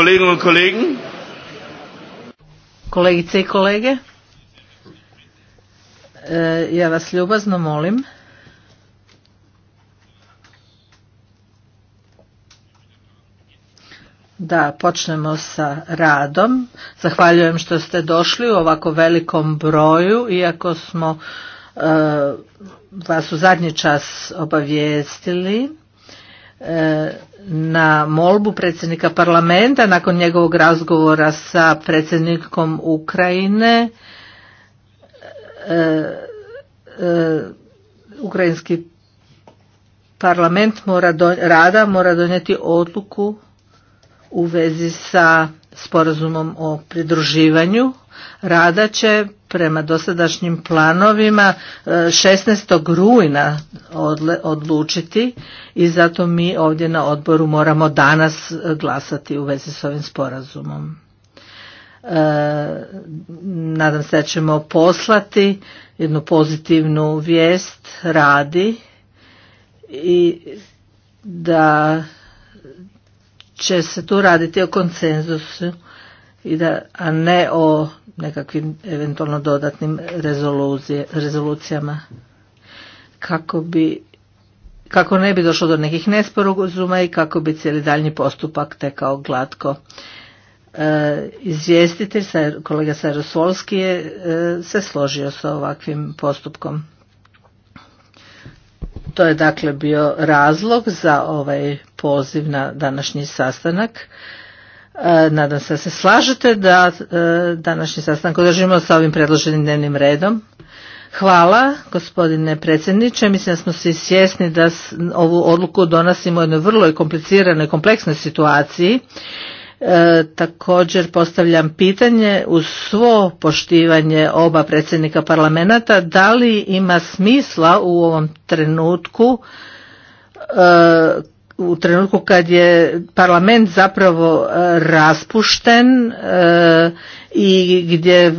Kolleginnen Kolegice i kolege, e, ja vas ljubazno molim da počnemo sa radom. Zahvaljujem što ste došli u ovako velikom broju, iako smo e, vas u zadnji čas obavijestili E, na molbu predsjednika parlamenta nakon njegovog razgovora sa predsjednikom Ukrajine e, e, ukrajinski parlament mora rada mora donijeti odluku u vezi sa sporazumom o pridruživanju rada će prema dosadašnjim planovima 16. E, rujna odlučiti i zato mi ovdje na odboru moramo danas glasati u vezi s ovim sporazumom. E, nadam se da ćemo poslati jednu pozitivnu vijest radi i da će se tu raditi o konsenzusu i da, a ne o nekakvim eventualno dodatnim rezolucijama kako bi kako ne bi došlo do nekih nesporazuma i kako bi cijeli daljnji postupak tekao glatko. E, izvjestitelj, kolega Sarosolski je e, se složio sa ovakvim postupkom. To je dakle bio razlog za ovaj poziv na današnji sastanak. E, nadam se da se slažete da e, današnji sastanak održimo sa ovim predloženim dnevnim redom. Hvala gospodine predsjedniče. Mislim da smo svi svjesni da ovu odluku donosimo u jednoj vrlo kompliciranoj i kompleksnoj situaciji. E, također postavljam pitanje uz svo poštivanje oba predsjednika parlamenta da li ima smisla u ovom trenutku e, u trenutku kad je parlament zapravo e, raspušten e, i gdje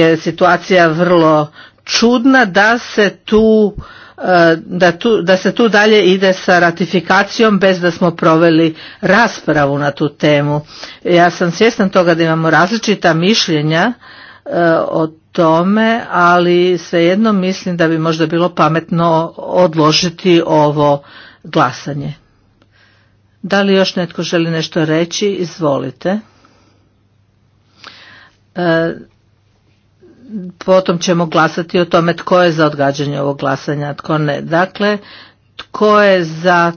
je situacija vrlo čudna da se tu e, da, tu, da se tu dalje ide sa ratifikacijom bez da smo proveli raspravu na tu temu. Ja sam svjestan toga da imamo različita mišljenja o tome, ali svejedno mislim da bi možda bilo pametno odložiti ovo glasanje. Da li još netko želi nešto reći? Izvolite. E, potom ćemo glasati o tome tko je za odgađanje ovog glasanja, tko ne. Dakle, tko je za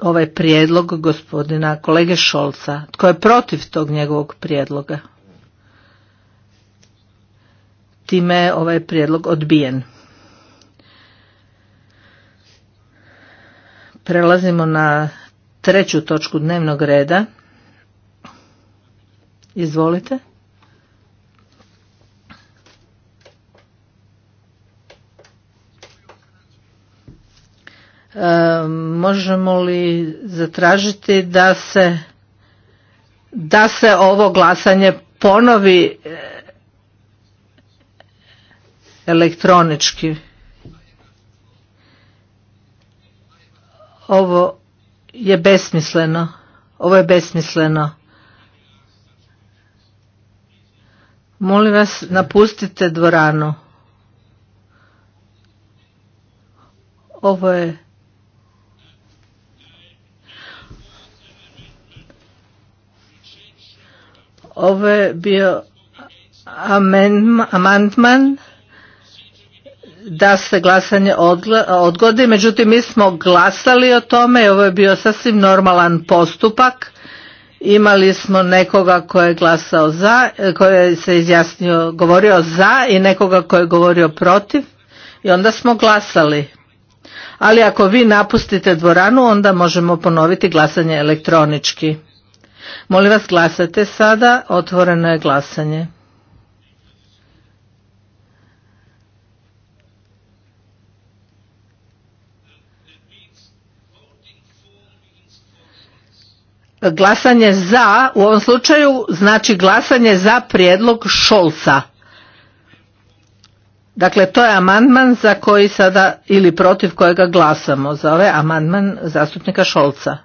ovaj prijedlog gospodina kolege Šolca? Tko je protiv tog njegovog prijedloga? Time je ovaj prijedlog odbijen. Prelazimo na treću točku dnevnog reda. Izvolite. E, možemo li zatražiti da se da se ovo glasanje ponovi e, elektronički ovo je besmisleno. Ovo je besmisleno. Molim vas, napustite dvoranu. Ovo je... Ovo je bio amendman da se glasanje odgodi, međutim mi smo glasali o tome i ovo je bio sasvim normalan postupak. Imali smo nekoga ko je glasao za, koji se izjasnio, govorio za i nekoga koji je govorio protiv i onda smo glasali. Ali ako vi napustite dvoranu, onda možemo ponoviti glasanje elektronički. Molim vas glasajte sada, otvoreno je glasanje. glasanje za u ovom slučaju znači glasanje za prijedlog Šolca. Dakle, to je amandman za koji sada ili protiv kojega glasamo. Za ovaj amandman zastupnika Šolca.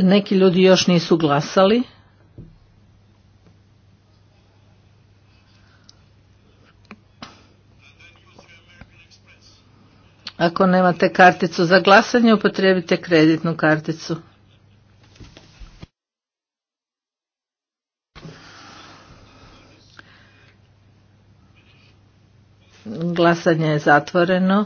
Neki ljudi još nisu glasali. Ako nemate karticu za glasanje, upotrijebite kreditnu karticu. Glasanje je zatvoreno.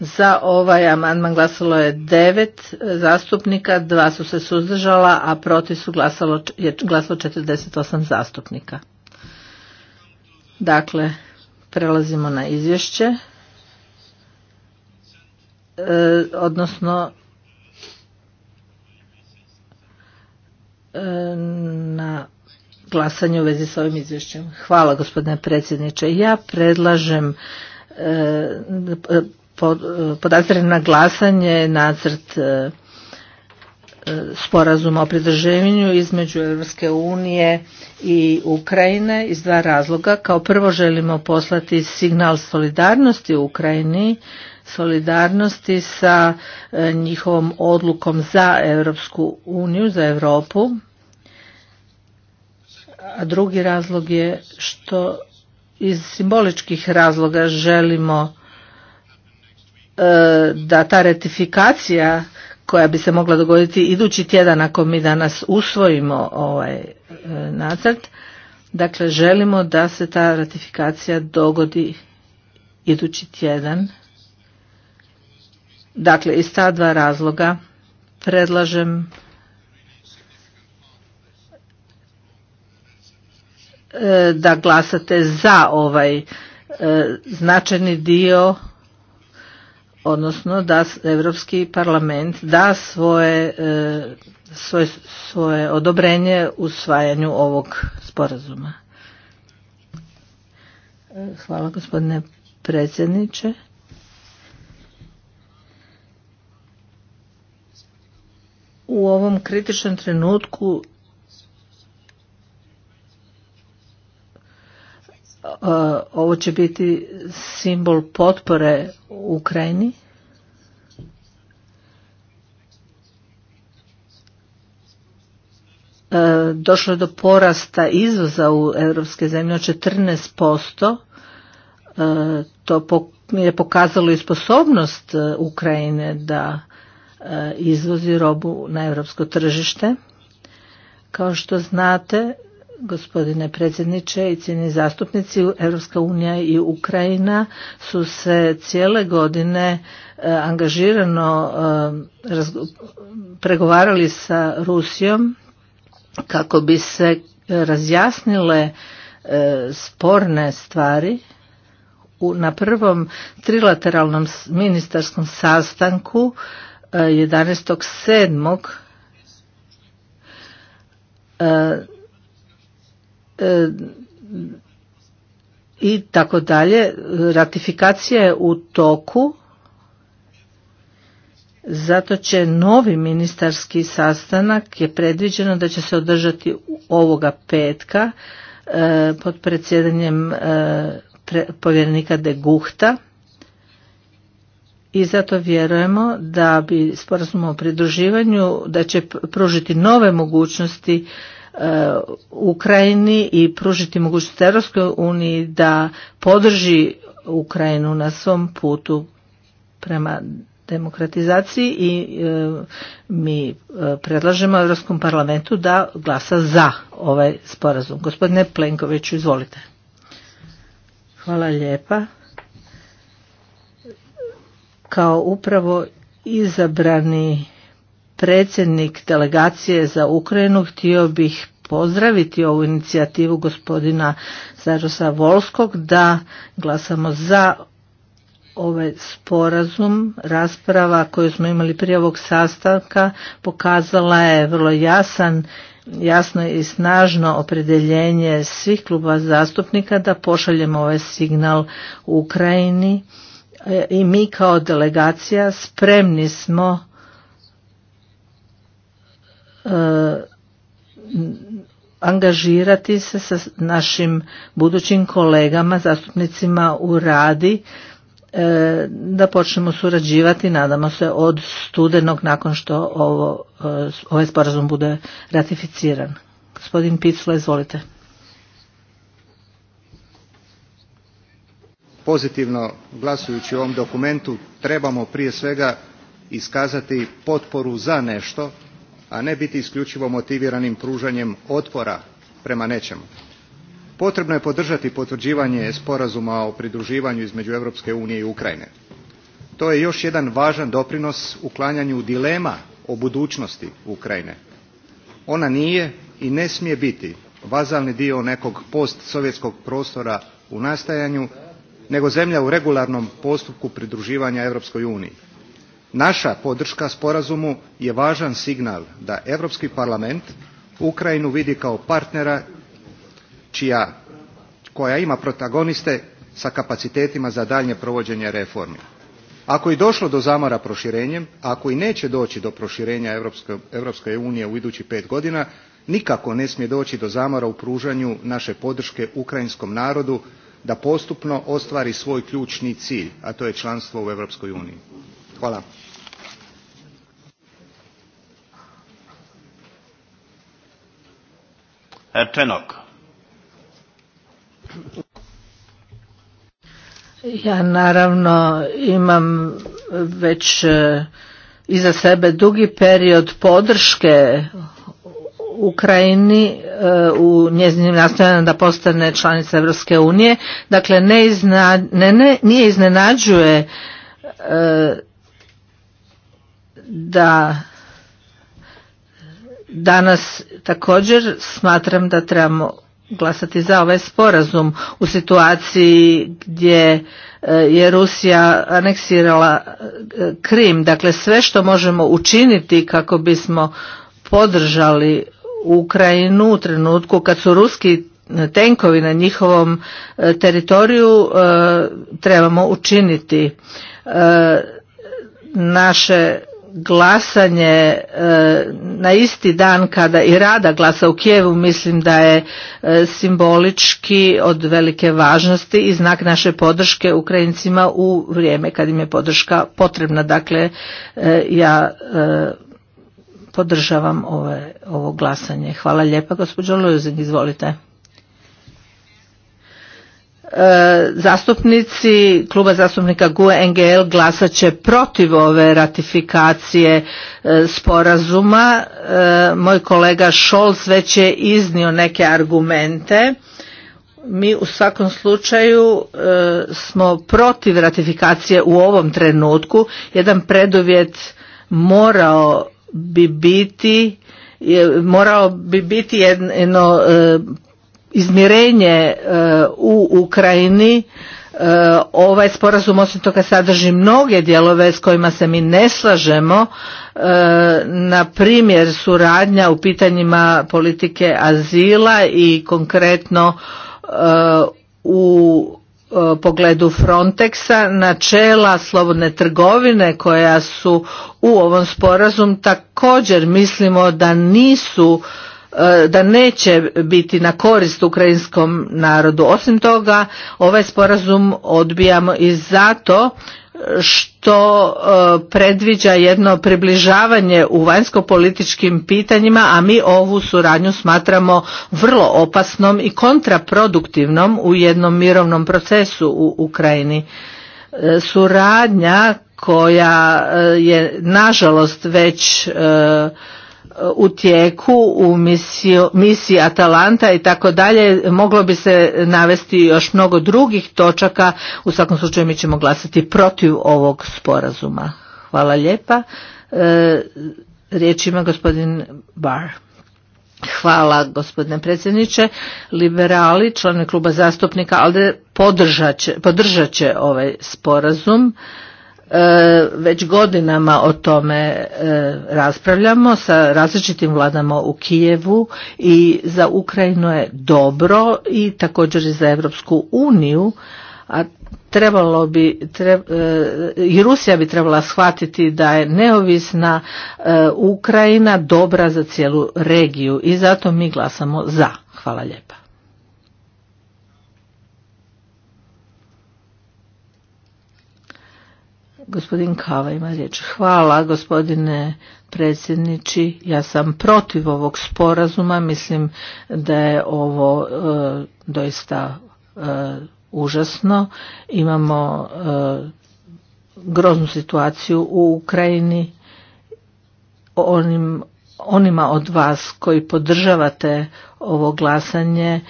Za ovaj amandman glasalo je devet zastupnika, dva su se suzdržala, a protiv su glasalo, je glasalo 48 zastupnika. Dakle, prelazimo na izvješće, e, odnosno e, na glasanje u vezi s ovim izvješćem. Hvala gospodine predsjedniče. Ja predlažem e, E, podazirem na glasanje nacrt e, e, sporazuma o pridrženju između Europske unije i Ukrajine iz dva razloga. Kao prvo želimo poslati signal solidarnosti u Ukrajini, solidarnosti sa njihovom odlukom za Europsku uniju, za Europu. A drugi razlog je što iz simboličkih razloga želimo E, da ta ratifikacija koja bi se mogla dogoditi idući tjedan ako mi danas usvojimo ovaj e, nacrt. Dakle, želimo da se ta ratifikacija dogodi idući tjedan. Dakle, iz ta dva razloga predlažem e, da glasate za ovaj značajni dio odnosno da Europski parlament da svoje, e, svoje, svoje odobrenje usvajanju ovog sporazuma. E, hvala gospodine predsjedniče. U ovom kritičnom trenutku E, ovo će biti simbol potpore u Ukrajini. E, došlo je do porasta izvoza u europske zemlje od 14%. E, to je pokazalo i sposobnost Ukrajine da izvozi robu na europsko tržište. Kao što znate, Gospodine predsjedniče i cijeni zastupnici, Europska unija i Ukrajina su se cijele godine e, angažirano e, pregovarali sa Rusijom kako bi se razjasnile e, sporne stvari. Na prvom trilateralnom ministarskom sastanku 11.7 i tako dalje. Ratifikacija je u toku, zato će novi ministarski sastanak je predviđeno da će se održati ovoga petka e, pod predsjedanjem e, povjerenika de Guhta i zato vjerujemo da bi sporazum o pridruživanju da će pružiti nove mogućnosti Uh, Ukrajini i pružiti mogućnost Europskoj uniji da podrži Ukrajinu na svom putu prema demokratizaciji i uh, mi uh, predlažemo Europskom parlamentu da glasa za ovaj sporazum. Gospodine Plenkoviću, izvolite. Hvala lijepa. Kao upravo izabrani predsjednik delegacije za Ukrajinu htio bih pozdraviti ovu inicijativu gospodina Zarosa Volskog da glasamo za ovaj sporazum, rasprava koju smo imali prije ovog sastanka pokazala je vrlo jasan jasno i snažno opredeljenje svih kluba zastupnika da pošaljemo ovaj signal u Ukrajini e, i mi kao delegacija spremni smo E, angažirati se sa našim budućim kolegama, zastupnicima u radi, e, da počnemo surađivati, nadamo se, od studenog nakon što ovo, e, ovaj sporazum bude ratificiran. Gospodin Picula, izvolite. Pozitivno glasujući o ovom dokumentu trebamo prije svega iskazati potporu za nešto a ne biti isključivo motiviranim pružanjem otpora prema nečemu. Potrebno je podržati potvrđivanje sporazuma o pridruživanju između Europske unije i Ukrajine. To je još jedan važan doprinos uklanjanju dilema o budućnosti Ukrajine. Ona nije i ne smije biti vazalni dio nekog postsovjetskog prostora u nastajanju, nego zemlja u regularnom postupku pridruživanja Europskoj uniji naša podrška sporazumu je važan signal da europski parlament ukrajinu vidi kao partnera koja ima protagoniste sa kapacitetima za daljnje provođenje reformi ako je došlo do zamora proširenjem ako i neće doći do proširenja europske, unije u idući pet godina nikako ne smije doći do zamora u pružanju naše podrške ukrajinskom narodu da postupno ostvari svoj ključni cilj a to je članstvo u europskoj uniji. hvala. E, ja naravno imam već e, iza sebe dugi period podrške Ukrajini e, u njezinim nastojanjima da postane članica Europske unije. Dakle, ne nije iznenađuje da danas također smatram da trebamo glasati za ovaj sporazum u situaciji gdje e, je Rusija aneksirala e, Krim. Dakle, sve što možemo učiniti kako bismo podržali Ukrajinu u trenutku kad su ruski tenkovi na njihovom e, teritoriju trebamo učiniti naše glasanje e, na isti dan kada i Rada glasa u Kijevu mislim da je e, simbolički od velike važnosti i znak naše podrške Ukrajincima u vrijeme kad im je podrška potrebna. Dakle, e, ja podržavam ovo, ovo glasanje. Hvala lijepa, gospođo Luzin, izvolite. E, zastupnici kluba zastupnika GUE NGL glasat će protiv ove ratifikacije e, sporazuma. E, moj kolega Scholz već je iznio neke argumente. Mi u svakom slučaju smo protiv ratifikacije u ovom trenutku. Jedan preduvjet morao bi biti morao bi biti jedno izmirenje e, u Ukrajini e, ovaj sporazum osim toga sadrži mnoge dijelove s kojima se mi ne slažemo e, na primjer suradnja u pitanjima politike azila i konkretno u pogledu Frontexa načela slobodne trgovine koja su u ovom sporazum također mislimo da nisu E, da neće biti na korist ukrajinskom narodu. Osim toga, ovaj sporazum odbijamo i zato što e, predviđa jedno približavanje u vanjsko političkim pitanjima, a mi ovu suradnju smatramo vrlo opasnom i kontraproduktivnom u jednom mirovnom procesu u Ukrajini. E, suradnja koja je nažalost već u tijeku u misiji Atalanta i tako dalje. Moglo bi se navesti još mnogo drugih točaka. U svakom slučaju mi ćemo glasati protiv ovog sporazuma. Hvala lijepa. E, riječ ima gospodin Bar. Hvala gospodine predsjedniče. Liberali, članovi kluba zastupnika, ali podržat će ovaj sporazum. E, već godinama o tome e, raspravljamo sa različitim vladama u Kijevu i za Ukrajinu je dobro i također i za Europsku uniju a trebalo bi e, i Rusija bi trebala shvatiti da je neovisna Ukrajina dobra za cijelu regiju i zato mi glasamo za. Hvala lijepa. Gospodin Kava ima riječ. Hvala gospodine predsjedniči. Ja sam protiv ovog sporazuma. Mislim da je ovo e, doista e, užasno. Imamo e, groznu situaciju u Ukrajini. onima od vas koji podržavate ovo glasanje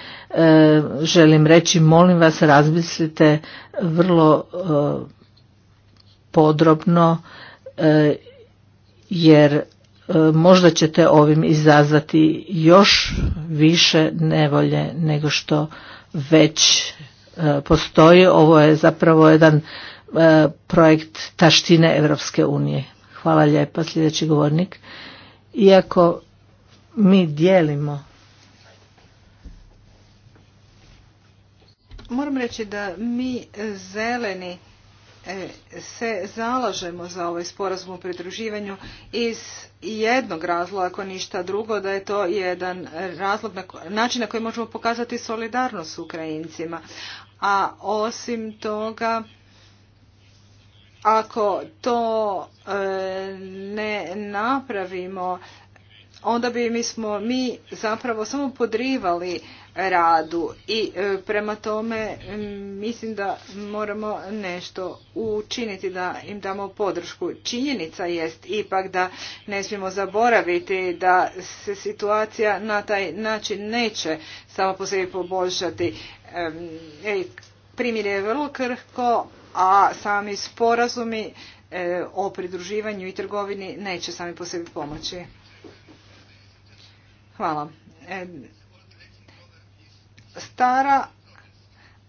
želim reći molim vas razmislite vrlo podrobno e, jer e, možda ćete ovim izazvati još više nevolje nego što već e, postoji. Ovo je zapravo jedan projekt taštine Europske unije. Hvala lijepa, sljedeći govornik. Iako mi dijelimo Moram reći da mi zeleni E, se zalažemo za ovaj sporazum o pridruživanju iz jednog razloga, ako ništa drugo, da je to jedan razlog na, način na koji možemo pokazati solidarnost s Ukrajincima. A osim toga, ako to e, ne napravimo, onda bi mi smo mi zapravo samo podrivali radu i e, prema tome mislim da moramo nešto učiniti da im damo podršku. Činjenica jest ipak da ne smijemo zaboraviti da se situacija na taj način neće samo po sebi poboljšati. Primjer je vrlo krhko, a sami sporazumi e, o pridruživanju i trgovini neće sami po sebi pomoći. Hvala stara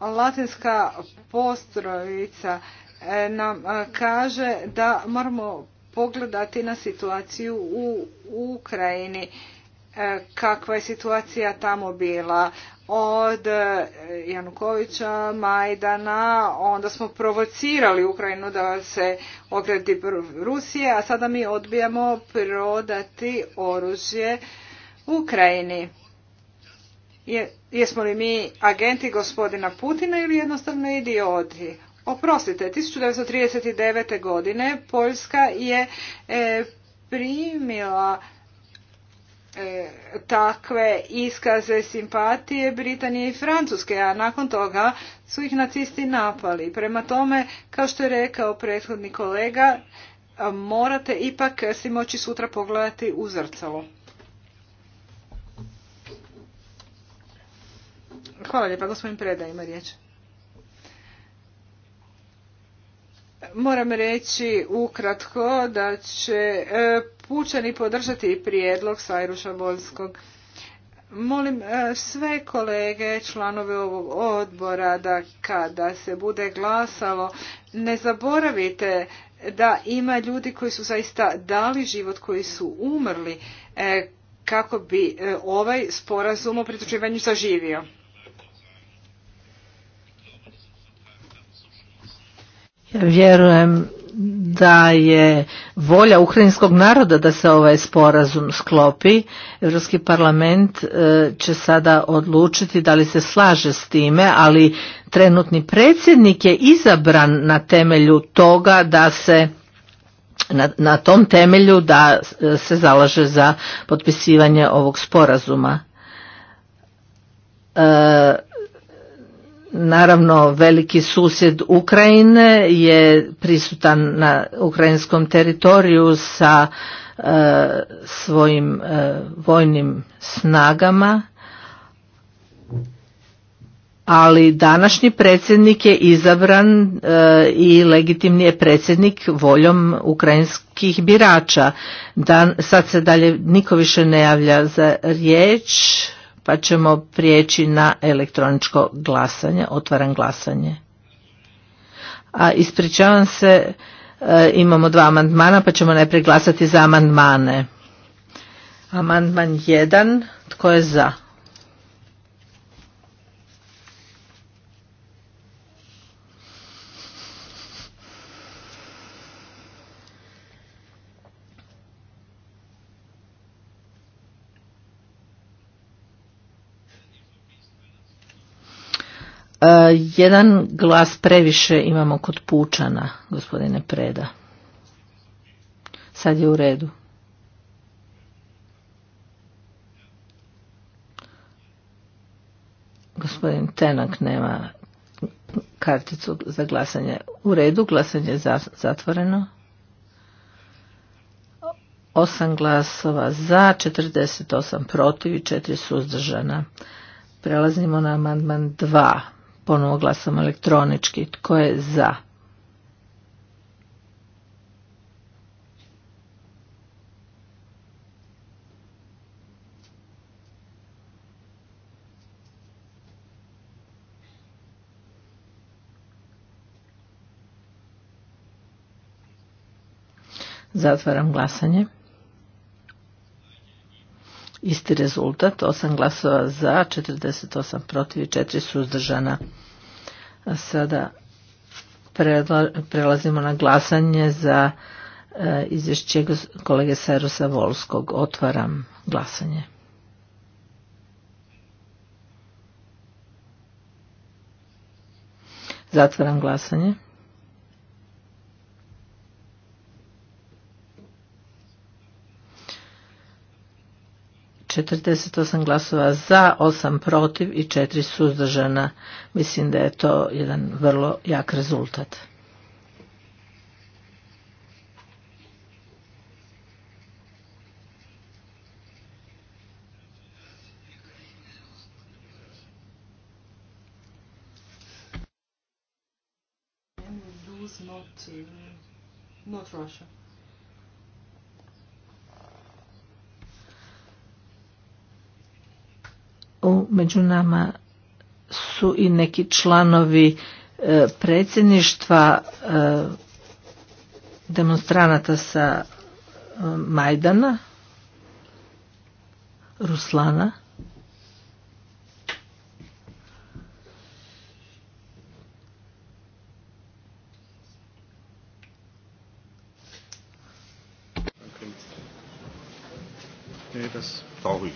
latinska postrojica e, nam e, kaže da moramo pogledati na situaciju u Ukrajini e, kakva je situacija tamo bila od Janukovića, Majdana, onda smo provocirali Ukrajinu da se ogradi Rusije, a sada mi odbijamo prodati oružje Ukrajini jesmo li mi agenti gospodina Putina ili jednostavno idioti? Oprostite, 1939. godine Poljska je e, primila e, takve iskaze simpatije Britanije i Francuske, a nakon toga su ih nacisti napali. Prema tome, kao što je rekao prethodni kolega, morate ipak si moći sutra pogledati u zrcalo. Hvala lijepa, gospodin Preda riječ. Moram reći ukratko da će e, pučani podržati prijedlog Sajruša Volskog. Molim e, sve kolege, članove ovog odbora da kada se bude glasalo ne zaboravite da ima ljudi koji su zaista dali život, koji su umrli e, kako bi ovaj sporazum o sa zaživio. vjerujem da je volja ukrajinskog naroda da se ovaj sporazum sklopi. Europski parlament e, će sada odlučiti da li se slaže s time, ali trenutni predsjednik je izabran na temelju toga da se na, tom temelju da e, se zalaže za potpisivanje ovog sporazuma. E, Naravno, veliki susjed Ukrajine je prisutan na ukrajinskom teritoriju sa e, svojim e, vojnim snagama, ali današnji predsjednik je izabran e, i legitimni je predsjednik voljom ukrajinskih birača. Dan, sad se dalje niko više ne javlja za riječ pa ćemo prijeći na elektroničko glasanje. Otvaram glasanje. A ispričavam se, e, imamo dva amandmana pa ćemo najprije glasati za amandmane. Amandman 1, tko je za? E, jedan glas previše imamo kod pučana, gospodine Preda. Sad je u redu. Gospodin Tenak nema karticu za glasanje. U redu, glasanje je zatvoreno. Osam glasova za, 48 protiv i četiri suzdržana. Prelazimo na amandman 2. Ponovo glasam elektronički. Tko je za? Zatvaram glasanje isti rezultat, 8 glasova za, 48 protiv i 4 suzdržana. A sada prelazimo na glasanje za e, izvješće kolege Sarusa Volskog. Otvaram glasanje. Zatvaram glasanje. 48 glasova za, 8 protiv i 4 suzdržana. Mislim da je to jedan vrlo jak rezultat. Uh, not Russia. među nama su i neki članovi e, predsjedništva e, demonstranata sa e, Majdana, Ruslana.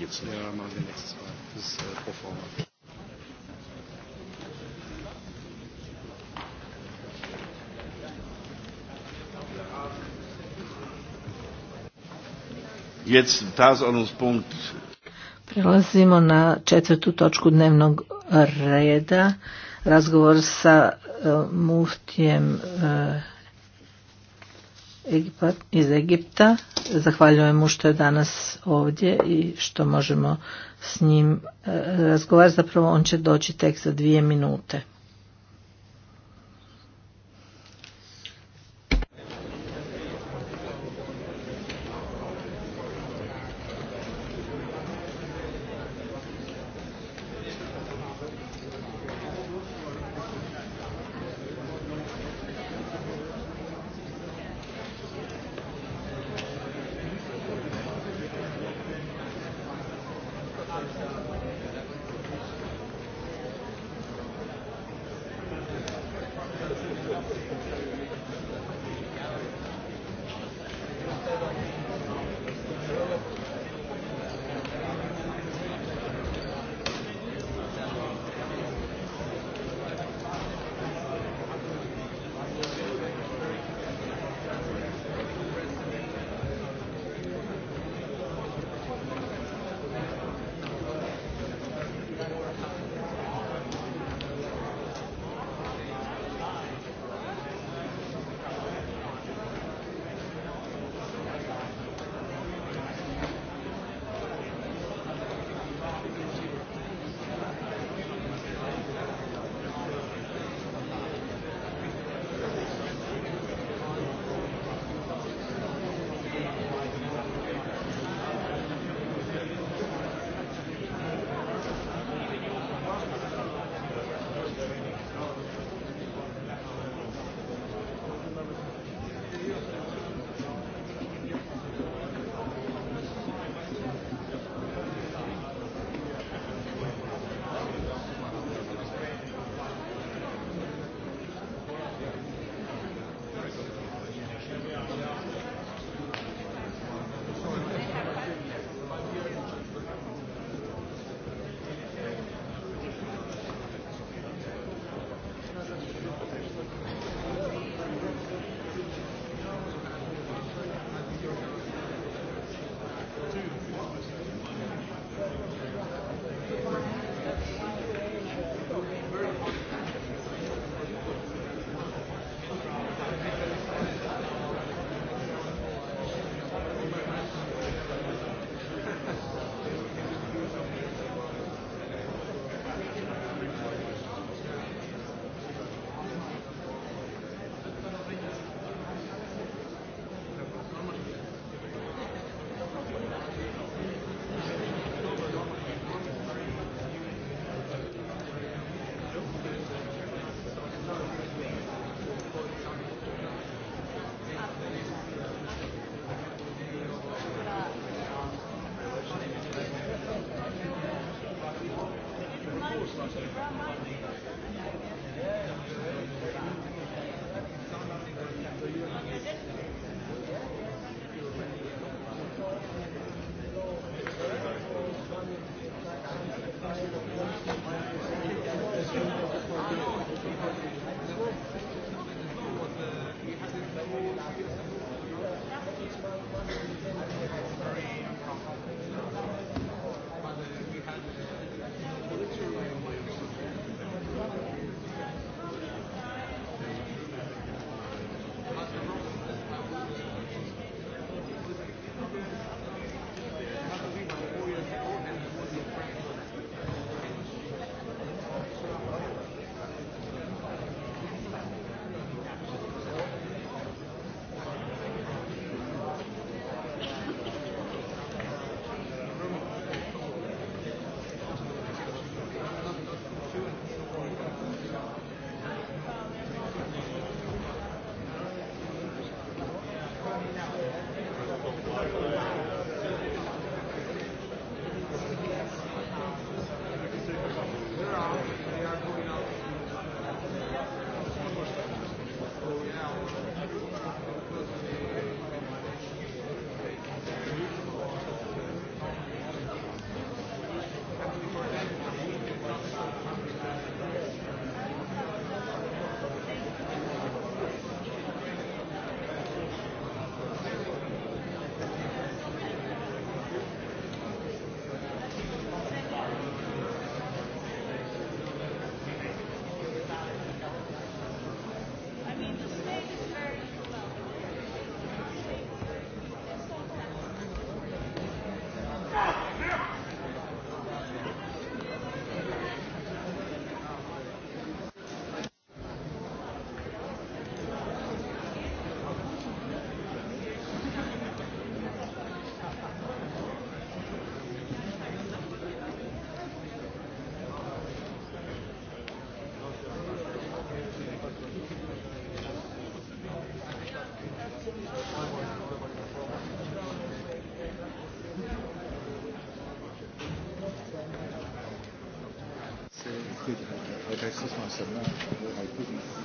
gibt es ja machen wir nächstes Mal. Das ist äh, pro forma. Jetzt Tagesordnungspunkt. Prelazimo na četvrtu točku dnevnog reda. Razgovor sa uh, muftijem uh, iz Egipta. Zahvaljujem mu što je danas ovdje i što možemo s njim eh, razgovarati. Zapravo on će doći tek za dvije minute.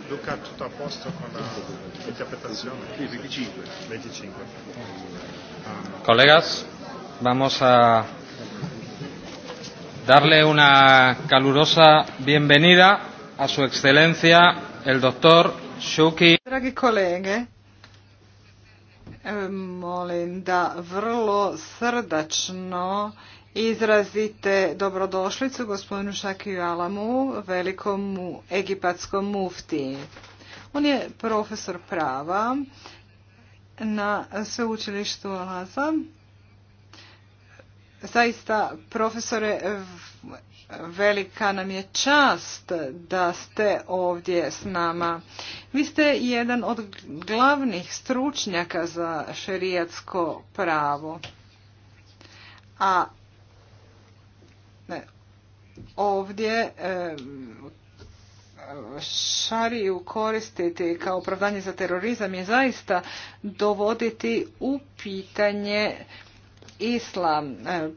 Luca, tutto a posto con l'interpretazione? 25. 25. Colegas, vamos a darle una calurosa bienvenida a su excelencia, el doctor Shuki. Dragi kolege, ehm, molim da vrlo srdačno izrazite dobrodošlicu gospodinu Šakiju Alamu, velikom egipatskom mufti. On je profesor prava na sveučilištu Alaza. Zaista, profesore, velika nam je čast da ste ovdje s nama. Vi ste jedan od glavnih stručnjaka za šerijatsko pravo. A ovdje šariju koristiti kao opravdanje za terorizam je zaista dovoditi u pitanje islam. E,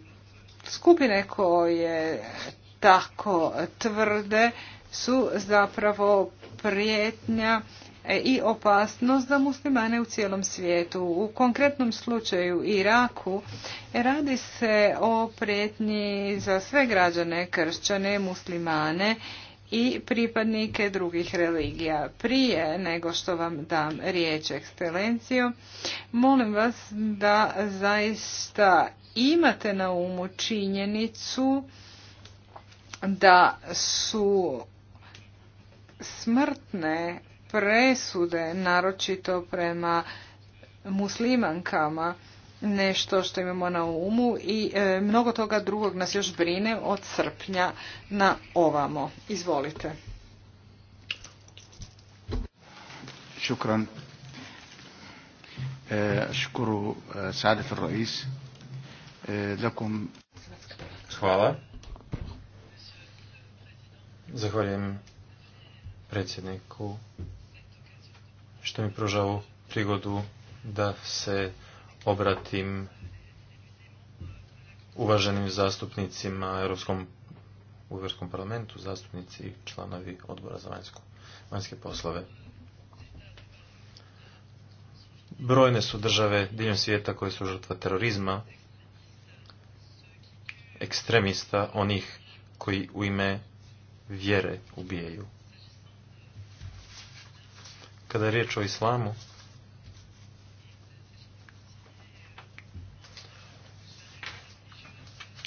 skupine koje tako tvrde su zapravo prijetnja E, i opasnost za muslimane u cijelom svijetu. U konkretnom slučaju Iraku e, radi se o prijetnji za sve građane, kršćane, muslimane i pripadnike drugih religija. Prije nego što vam dam riječ ekscelencijo, molim vas da zaista imate na umu činjenicu da su smrtne presude, naročito prema muslimankama, nešto što imamo na umu i e, mnogo toga drugog nas još brine od srpnja na ovamo. Izvolite. Šukran. E, e, e Hvala. Zahvaljujem predsjedniku što mi pruža prigodu da se obratim uvaženim zastupnicima Europskom u Europskom parlamentu, zastupnici i članovi odbora za vanjsko, vanjske poslove. Brojne su države diljem svijeta koje su žrtva terorizma, ekstremista, onih koji u ime vjere ubijaju. Kada je riječ o islamu,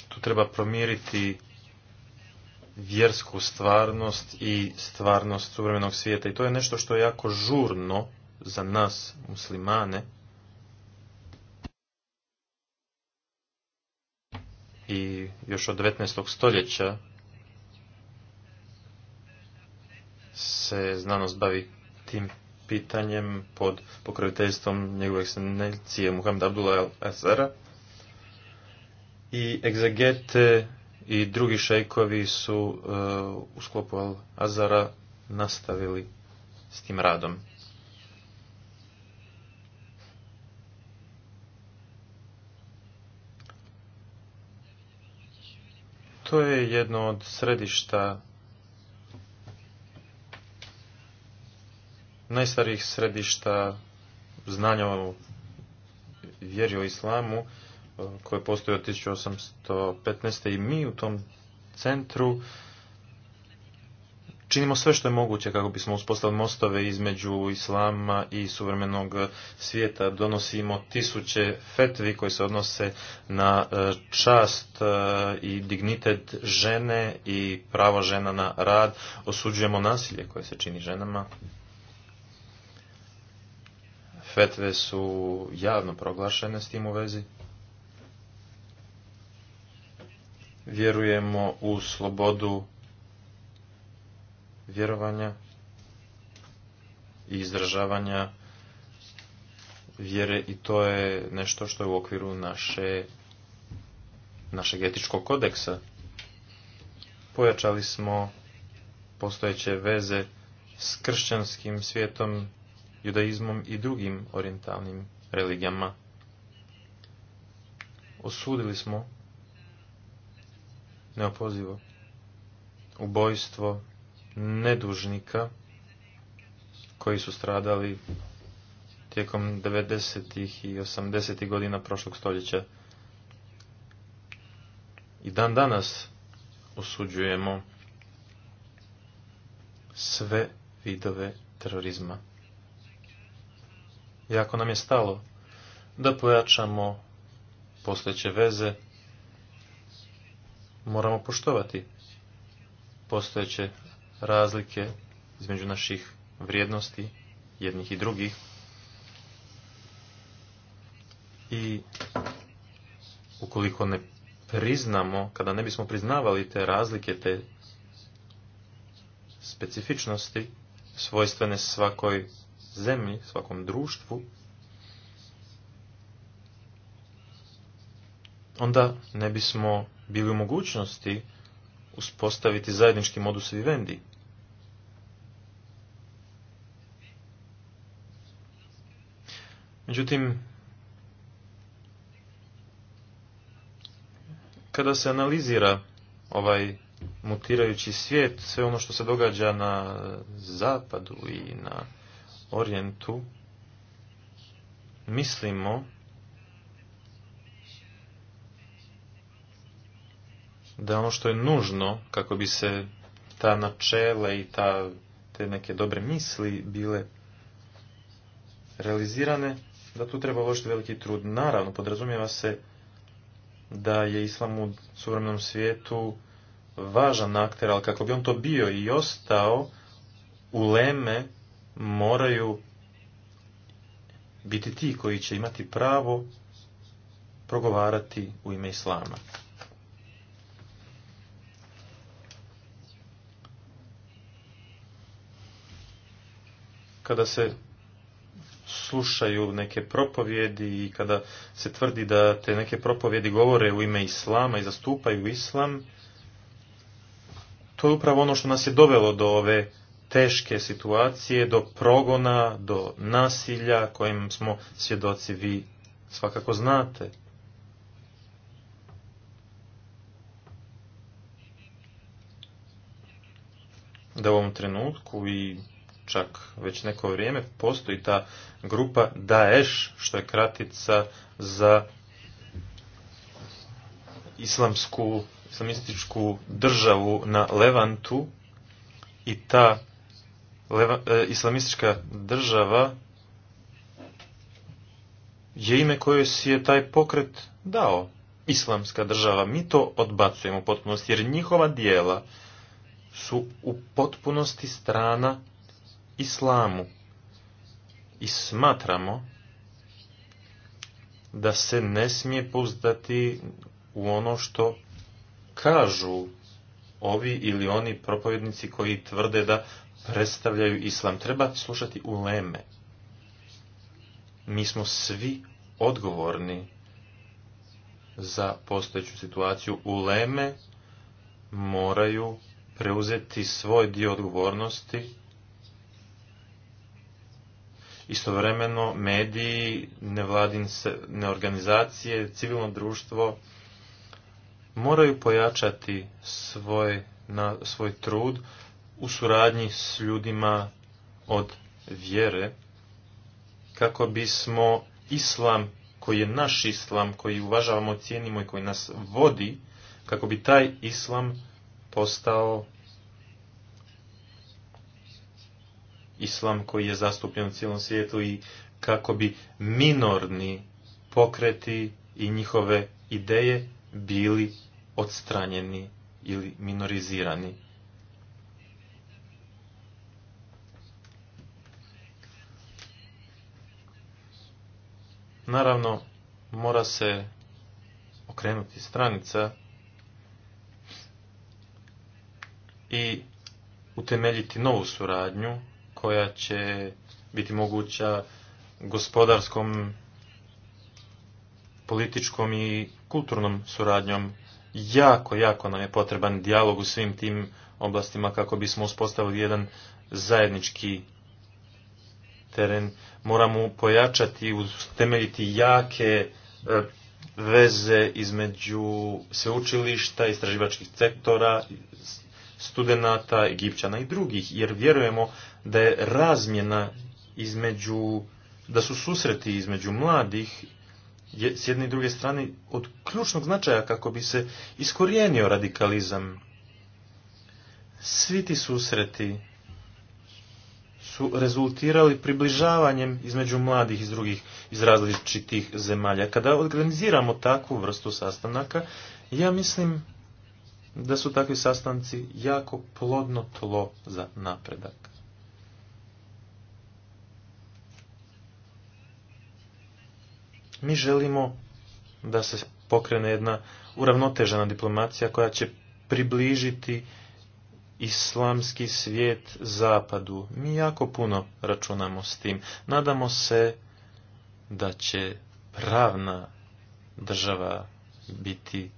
tu treba promiriti vjersku stvarnost i stvarnost suvremenog svijeta. I to je nešto što je jako žurno za nas, muslimane. I još od 19. stoljeća se znanost bavi tim pitanjem pod pokroviteljstvom njegove ekscelencije Muhammed Abdullah Azara i egzegete i drugi šejkovi su uh, u sklopu Al Azara nastavili s tim radom. To je jedno od središta najstarijih središta znanja o vjeri o islamu e, koje postoje od 1815. i mi u tom centru činimo sve što je moguće kako bismo uspostavili mostove između islama i suvremenog svijeta. Donosimo tisuće fetvi koji se odnose na e, čast e, i dignitet žene i pravo žena na rad. Osuđujemo nasilje koje se čini ženama fetve su javno proglašene s tim u vezi. Vjerujemo u slobodu vjerovanja i izdržavanja vjere i to je nešto što je u okviru naše, našeg etičkog kodeksa. Pojačali smo postojeće veze s kršćanskim svijetom judaizmom i drugim orientalnim religijama. Osudili smo neopozivo ubojstvo nedužnika koji su stradali tijekom 90. i 80. godina prošlog stoljeća. I dan danas osuđujemo sve vidove terorizma. I ako nam je stalo da pojačamo postojeće veze, moramo poštovati postojeće razlike između naših vrijednosti, jednih i drugih. I ukoliko ne priznamo, kada ne bismo priznavali te razlike, te specifičnosti, svojstvene svakoj zemlji, svakom društvu, onda ne bismo bili u mogućnosti uspostaviti zajednički modus vivendi. Međutim, kada se analizira ovaj mutirajući svijet, sve ono što se događa na zapadu i na orijentu mislimo da ono što je nužno kako bi se ta načela i ta, te neke dobre misli bile realizirane, da tu treba uložiti veliki trud. Naravno, podrazumijeva se da je islam u suvremenom svijetu važan akter, ali kako bi on to bio i ostao, uleme moraju biti ti koji će imati pravo progovarati u ime islama. Kada se slušaju neke propovjedi i kada se tvrdi da te neke propovjedi govore u ime islama i zastupaju islam, to je upravo ono što nas je dovelo do ove teške situacije, do progona, do nasilja kojim smo svjedoci vi svakako znate. Da u ovom trenutku i čak već neko vrijeme postoji ta grupa Daesh, što je kratica za islamsku, islamističku državu na Levantu i ta E, islamistička država je ime koje si je taj pokret dao. Islamska država. Mi to odbacujemo u potpunosti jer njihova dijela su u potpunosti strana islamu. I smatramo da se ne smije pozdati u ono što kažu ovi ili oni propovjednici koji tvrde da predstavljaju islam. Treba slušati uleme. Mi smo svi odgovorni za postojeću situaciju. Uleme moraju preuzeti svoj dio odgovornosti. Istovremeno mediji, nevladine organizacije, civilno društvo moraju pojačati svoj, svoj trud u suradnji s ljudima od vjere kako bismo islam koji je naš islam koji uvažavamo, cijenimo i koji nas vodi kako bi taj islam postao islam koji je zastupljen u cijelom svijetu i kako bi minorni pokreti i njihove ideje bili odstranjeni ili minorizirani. Naravno, mora se okrenuti stranica i utemeljiti novu suradnju koja će biti moguća gospodarskom, političkom i kulturnom suradnjom. Jako, jako nam je potreban dijalog u svim tim oblastima kako bismo uspostavili jedan zajednički teren. Moramo pojačati i temeljiti jake e, veze između sveučilišta, istraživačkih sektora, studenata, Egipćana i drugih, jer vjerujemo da je razmjena između, da su susreti između mladih s jedne i druge strane od ključnog značaja kako bi se iskorijenio radikalizam. Svi ti susreti su rezultirali približavanjem između mladih iz drugih iz različitih zemalja. Kada organiziramo takvu vrstu sastanaka, ja mislim da su takvi sastanci jako plodno tlo za napredak. Mi želimo da se pokrene jedna uravnotežena diplomacija koja će približiti islamski svijet zapadu. Mi jako puno računamo s tim. Nadamo se da će pravna država biti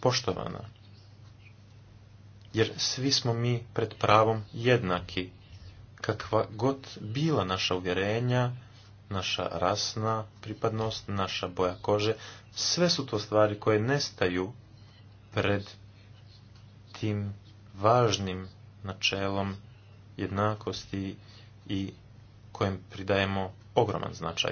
poštovana. Jer svi smo mi pred pravom jednaki. Kakva god bila naša uvjerenja, naša rasna pripadnost, naša boja kože, sve su to stvari koje nestaju pred tim važnim načelom jednakosti i kojem pridajemo ogroman značaj.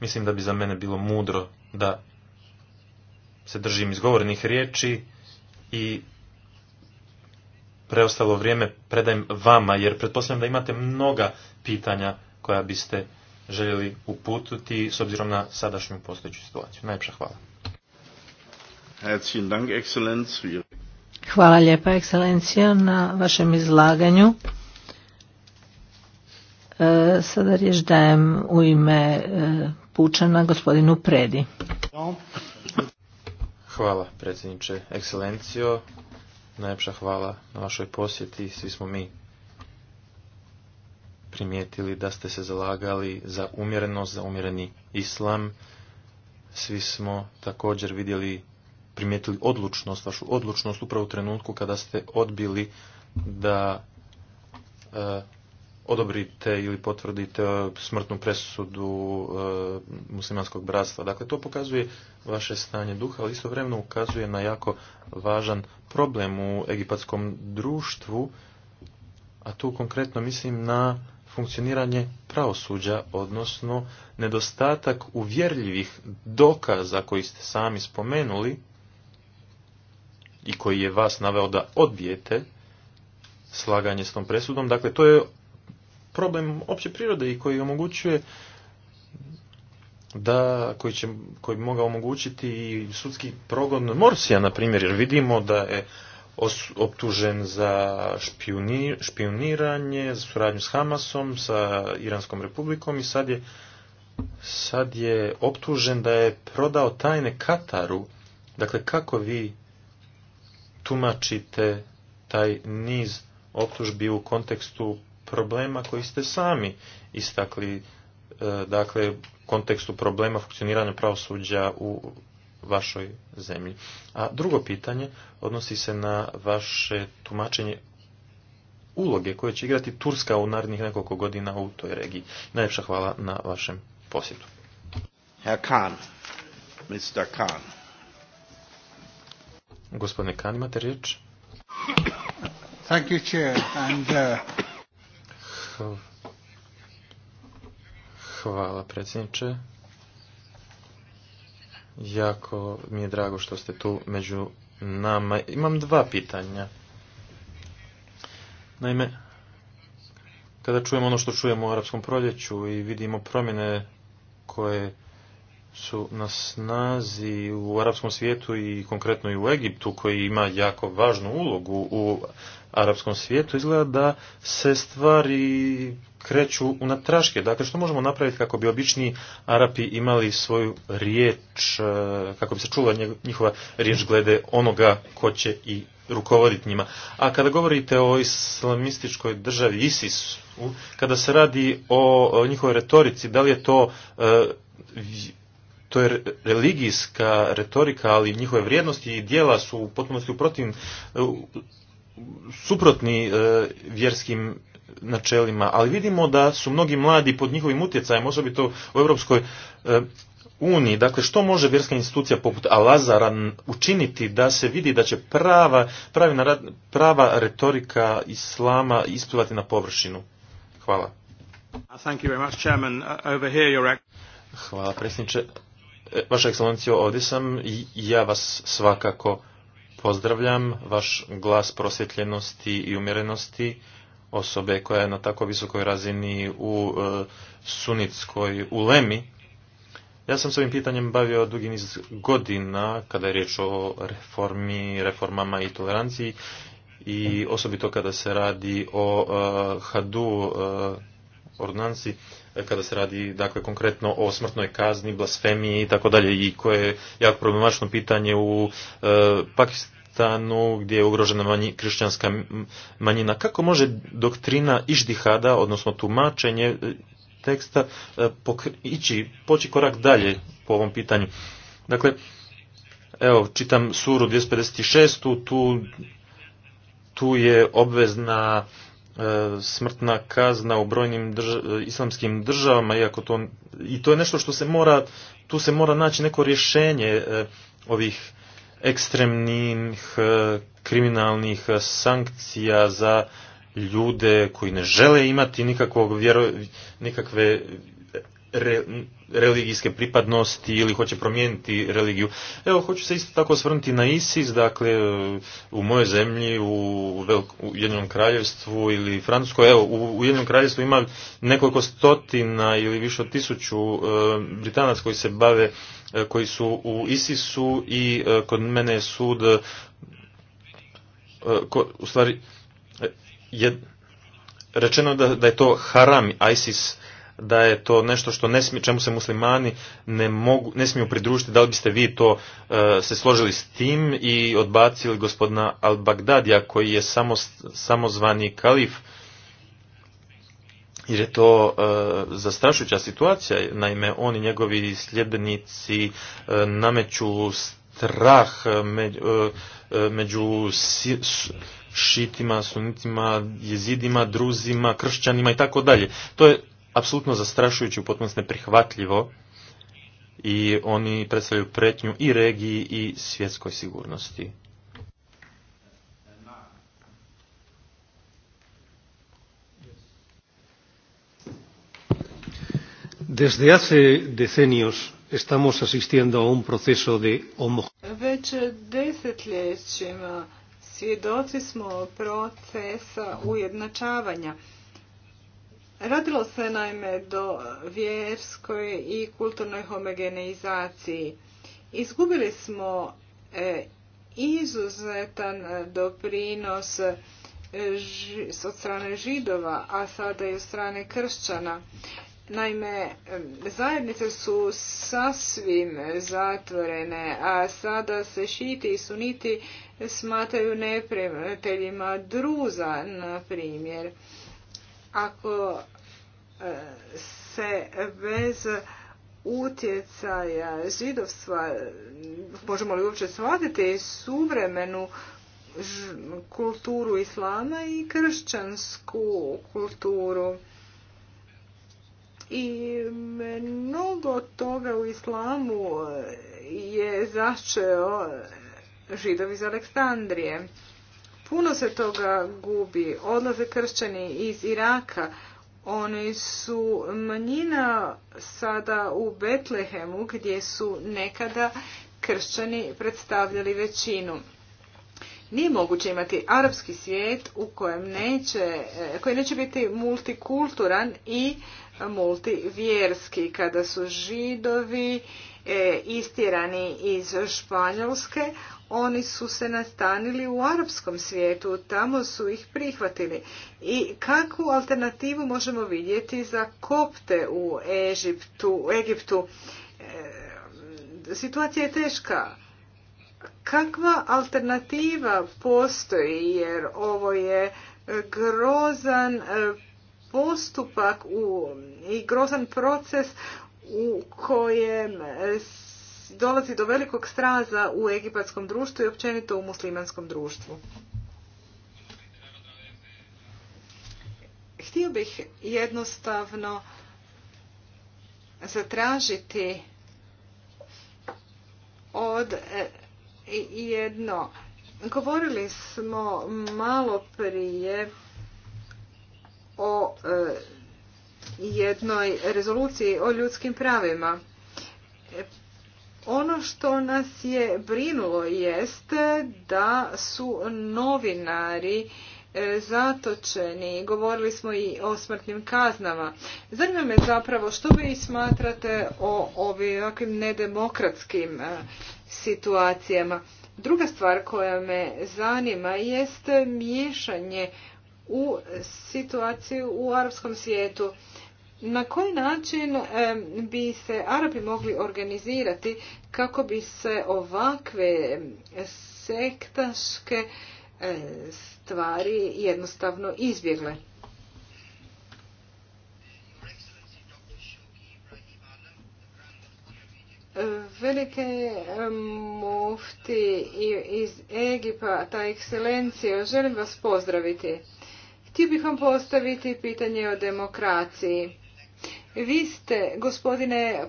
Mislim da bi za mene bilo mudro da se držim izgovorenih riječi i preostalo vrijeme predajem vama, jer pretpostavljam da imate mnoga pitanja koja biste željeli uputiti s obzirom na sadašnju postojeću situaciju. Najpša hvala. Hvala lijepa, ekscelencija, na vašem izlaganju. E, sada riječ dajem u ime e, Pučana gospodinu Predi. Hvala, predsjedniče, ekscelencijo. Najljepša hvala na vašoj posjeti. Svi smo mi primijetili da ste se zalagali za umjerenost, za umjereni islam. Svi smo također vidjeli primijetili odlučnost, vašu odlučnost upravo u trenutku kada ste odbili da e, odobrite ili potvrdite smrtnu presudu e, muslimanskog bratstva. Dakle, to pokazuje vaše stanje duha, ali istovremeno ukazuje na jako važan problem u egipatskom društvu, a tu konkretno mislim na funkcioniranje pravosuđa, odnosno nedostatak uvjerljivih dokaza koji ste sami spomenuli, i koji je vas naveo da odbijete slaganje s tom presudom. Dakle, to je problem opće prirode i koji omogućuje da, koji, će, koji bi mogao omogućiti i sudski progon Morsija, na primjer, jer vidimo da je optužen za špionir, špioniranje, za suradnju s Hamasom, sa Iranskom republikom i sad je, sad je optužen da je prodao tajne Kataru. Dakle, kako vi tumačite taj niz optužbi u kontekstu problema koji ste sami istakli, e, dakle, kontekstu problema funkcioniranja pravosuđa u vašoj zemlji. A drugo pitanje odnosi se na vaše tumačenje uloge koje će igrati Turska u narednih nekoliko godina u toj regiji. Najljepša hvala na vašem posjetu. Herr Kahn, Mr. Kahn. Gospodine Kan, imate riječ? Thank you, chair. And, uh, Hvala predsjedniče. Jako mi je drago što ste tu među nama. Imam dva pitanja. Naime, kada čujemo ono što čujemo u arapskom proljeću i vidimo promjene koje su na snazi u arapskom svijetu i konkretno i u Egiptu koji ima jako važnu ulogu u arapskom svijetu izgleda da se stvari kreću u natraške. Dakle, što možemo napraviti kako bi obični Arapi imali svoju riječ, e, kako bi se čula njihova riječ glede onoga ko će i rukovoditi njima. A kada govorite o islamističkoj državi ISIS, kada se radi o njihovoj retorici, da li je to e, to je religijska retorika, ali njihove vrijednosti i djela su u potpunosti protiv suprotni e, vjerskim načelima, ali vidimo da su mnogi mladi pod njihovim utjecajem, osobito u Europskoj e, Uniji, dakle što može vjerska institucija poput Alazara učiniti da se vidi da će prava, pravi prava retorika islama isplivati na površinu? Hvala. Hvala predsjedniče. E, Vaša ekscelencijo, ovdje sam i ja vas svakako pozdravljam. Vaš glas prosvjetljenosti i umjerenosti osobe koja je na tako visokoj razini u e, sunitskoj ulemi. Ja sam s ovim pitanjem bavio dugi niz godina kada je riječ o reformi, reformama i toleranciji i osobito kada se radi o e, hadu ordonanci e, kada se radi dakle konkretno o smrtnoj kazni, blasfemiji i tako dalje i koje je jako problematično pitanje u e, Pakistanu gdje je ugrožena manji, kršćanska manjina. Kako može doktrina išdihada, odnosno tumačenje e, teksta pokri, ići, poći korak dalje po ovom pitanju? Dakle, evo, čitam suru 256. Tu, tu je obvezna E, smrtna kazna u brojnim e, islamskim državama, iako to, i to je nešto što se mora, tu se mora naći neko rješenje e, ovih ekstremnih kriminalnih sankcija za ljude koji ne žele imati nikakvog vjero, nikakve re, religijske pripadnosti ili hoće promijeniti religiju. Evo, hoću se isto tako osvrnuti na ISIS, dakle, u mojoj zemlji, u Jednom kraljevstvu ili Francuskoj, evo, u Jednom kraljevstvu ima nekoliko stotina ili više od tisuću e, Britanac koji se bave, e, koji su u Isisu i e, kod mene je sud, e, ko, u stvari, je, rečeno da, da je to haram ISIS da je to nešto što ne čemu se muslimani ne, mogu, ne smiju pridružiti, da li biste vi to e, se složili s tim i odbacili gospodina Al-Bagdadija koji je samo, samozvani kalif jer je to e, zastrašujuća situacija, naime oni, njegovi sljedbenici e, nameću strah među, među šitima, sunitima, jezidima, druzima, kršćanima i tako dalje. To je apsolutno zastrašujući, potpuno neprihvatljivo i oni predstavljaju pretnju i regiji i svjetskoj sigurnosti. Desde hace decenios estamos asistiendo a un proceso de Već desetljećima svjedoci smo procesa ujednačavanja Radilo se naime do vjerskoj i kulturnoj homogeneizaciji. Izgubili smo e, izuzetan e, doprinos e, od strane židova, a sada i od strane kršćana. Naime, zajednice su sasvim zatvorene, a sada se šiti i suniti smataju neprijateljima druza, na primjer ako e, se bez utjecaja židovstva, možemo li uopće shvatiti suvremenu kulturu islama i kršćansku kulturu. I mnogo toga u islamu e, je začeo e, židovi iz Aleksandrije. Puno se toga gubi. Odlaze kršćani iz Iraka. Oni su manjina sada u Betlehemu gdje su nekada kršćani predstavljali većinu. Nije moguće imati arapski svijet u kojem neće, koji neće biti multikulturan i multivjerski, kada su židovi E, istirani iz Španjolske, oni su se nastanili u arapskom svijetu, tamo su ih prihvatili. I kakvu alternativu možemo vidjeti za kopte u u Egiptu? E, situacija je teška. Kakva alternativa postoji jer ovo je grozan e, postupak i grozan proces u kojem e, dolazi do velikog straza u egipatskom društvu i općenito u muslimanskom društvu. Htio bih jednostavno zatražiti od e, jedno. Govorili smo malo prije o e, jednoj rezoluciji o ljudskim pravima. Ono što nas je brinulo jest da su novinari e, zatočeni, govorili smo i o smrtnim kaznama. Zanima me zapravo što vi smatrate o ovakvim nedemokratskim e, situacijama. Druga stvar koja me zanima jest miješanje u situaciju u arapskom svijetu na koji način bi se Arabi mogli organizirati kako bi se ovakve sektaške stvari jednostavno izbjegle? velike mufti iz Egipa, ta ekscelencija, želim vas pozdraviti. Htio bih vam postaviti pitanje o demokraciji. Vi ste, gospodine,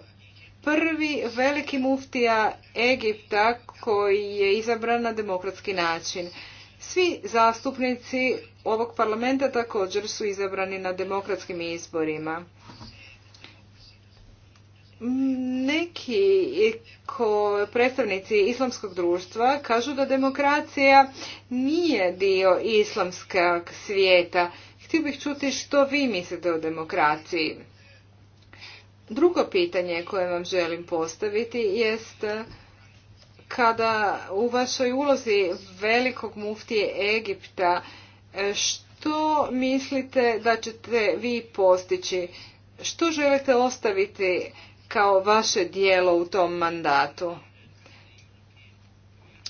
prvi veliki muftija Egipta koji je izabran na demokratski način. Svi zastupnici ovog parlamenta također su izabrani na demokratskim izborima. Neki ko predstavnici islamskog društva kažu da demokracija nije dio islamskog svijeta. Htio bih čuti što vi mislite o demokraciji. Drugo pitanje koje vam želim postaviti jest e, kada u vašoj ulozi velikog muftije Egipta e, što mislite da ćete vi postići? Što želite ostaviti kao vaše dijelo u tom mandatu?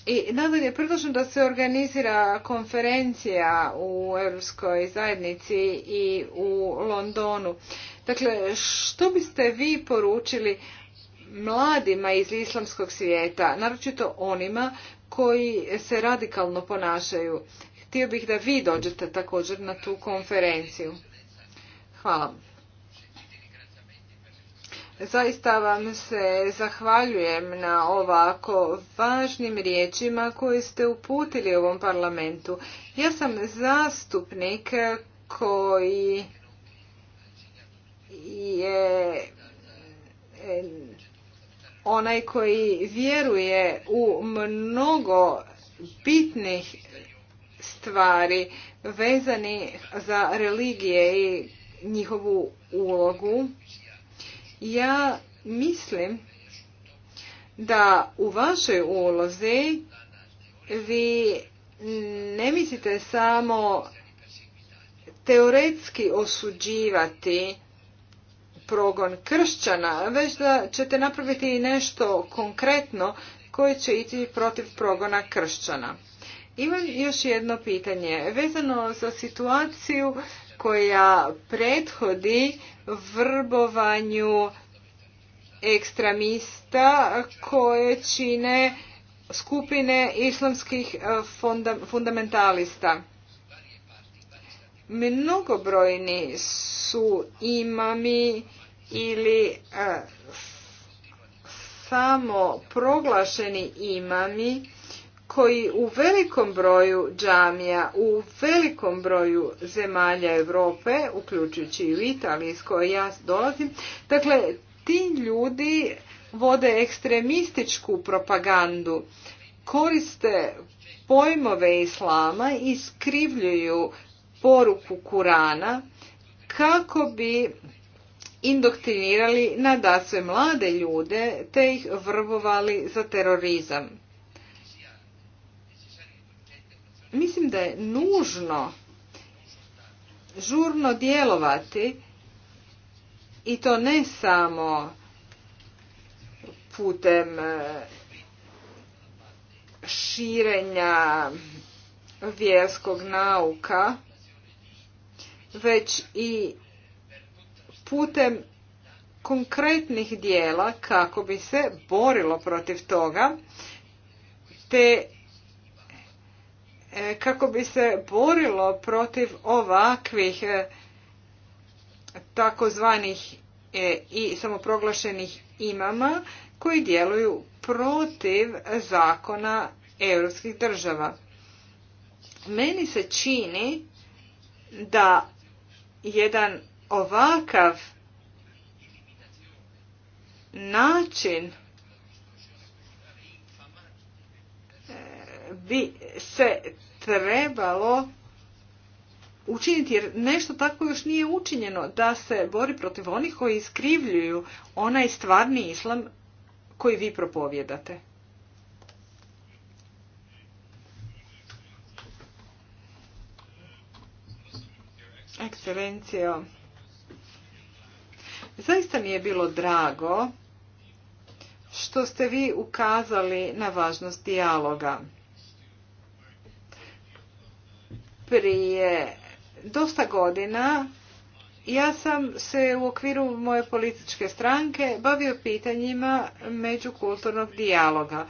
I nadalje predlažem da se organizira konferencija u Europskoj zajednici i u Londonu. Dakle, što biste vi poručili mladima iz islamskog svijeta, naročito onima koji se radikalno ponašaju? Htio bih da vi dođete također na tu konferenciju. Hvala. Zaista vam se zahvaljujem na ovako važnim riječima koje ste uputili ovom parlamentu. Ja sam zastupnik koji je onaj koji vjeruje u mnogo bitnih stvari vezani za religije i njihovu ulogu ja mislim da u vašoj ulozi vi ne mislite samo teoretski osuđivati progon kršćana, već da ćete napraviti nešto konkretno koje će ići protiv progona kršćana. Imam još jedno pitanje vezano za situaciju koja prethodi vrbovanju ekstremista koje čine skupine islamskih e, funda, fundamentalista. Mnogobrojni su imami ili e, samo proglašeni imami koji u velikom broju džamija, u velikom broju zemalja Europe, uključujući i u Italiji iz koje ja dolazim, dakle ti ljudi vode ekstremističku propagandu, koriste pojmove islama i skrivljuju poruku Kurana kako bi indoktrinirali nadasve mlade ljude te ih vrvovali za terorizam. mislim da je nužno žurno djelovati i to ne samo putem e, širenja vjerskog nauka, već i putem konkretnih dijela kako bi se borilo protiv toga, te E, kako bi se borilo protiv ovakvih e, takozvanih e, i samoproglašenih imama koji djeluju protiv zakona europskih država. Meni se čini da jedan ovakav način bi se trebalo učiniti jer nešto tako još nije učinjeno da se bori protiv onih koji iskrivljuju onaj stvarni islam koji vi propovjedate. Ekscelencijo, zaista mi je bilo drago što ste vi ukazali na važnost dijaloga. prije dosta godina ja sam se u okviru moje političke stranke bavio pitanjima međukulturnog dijaloga.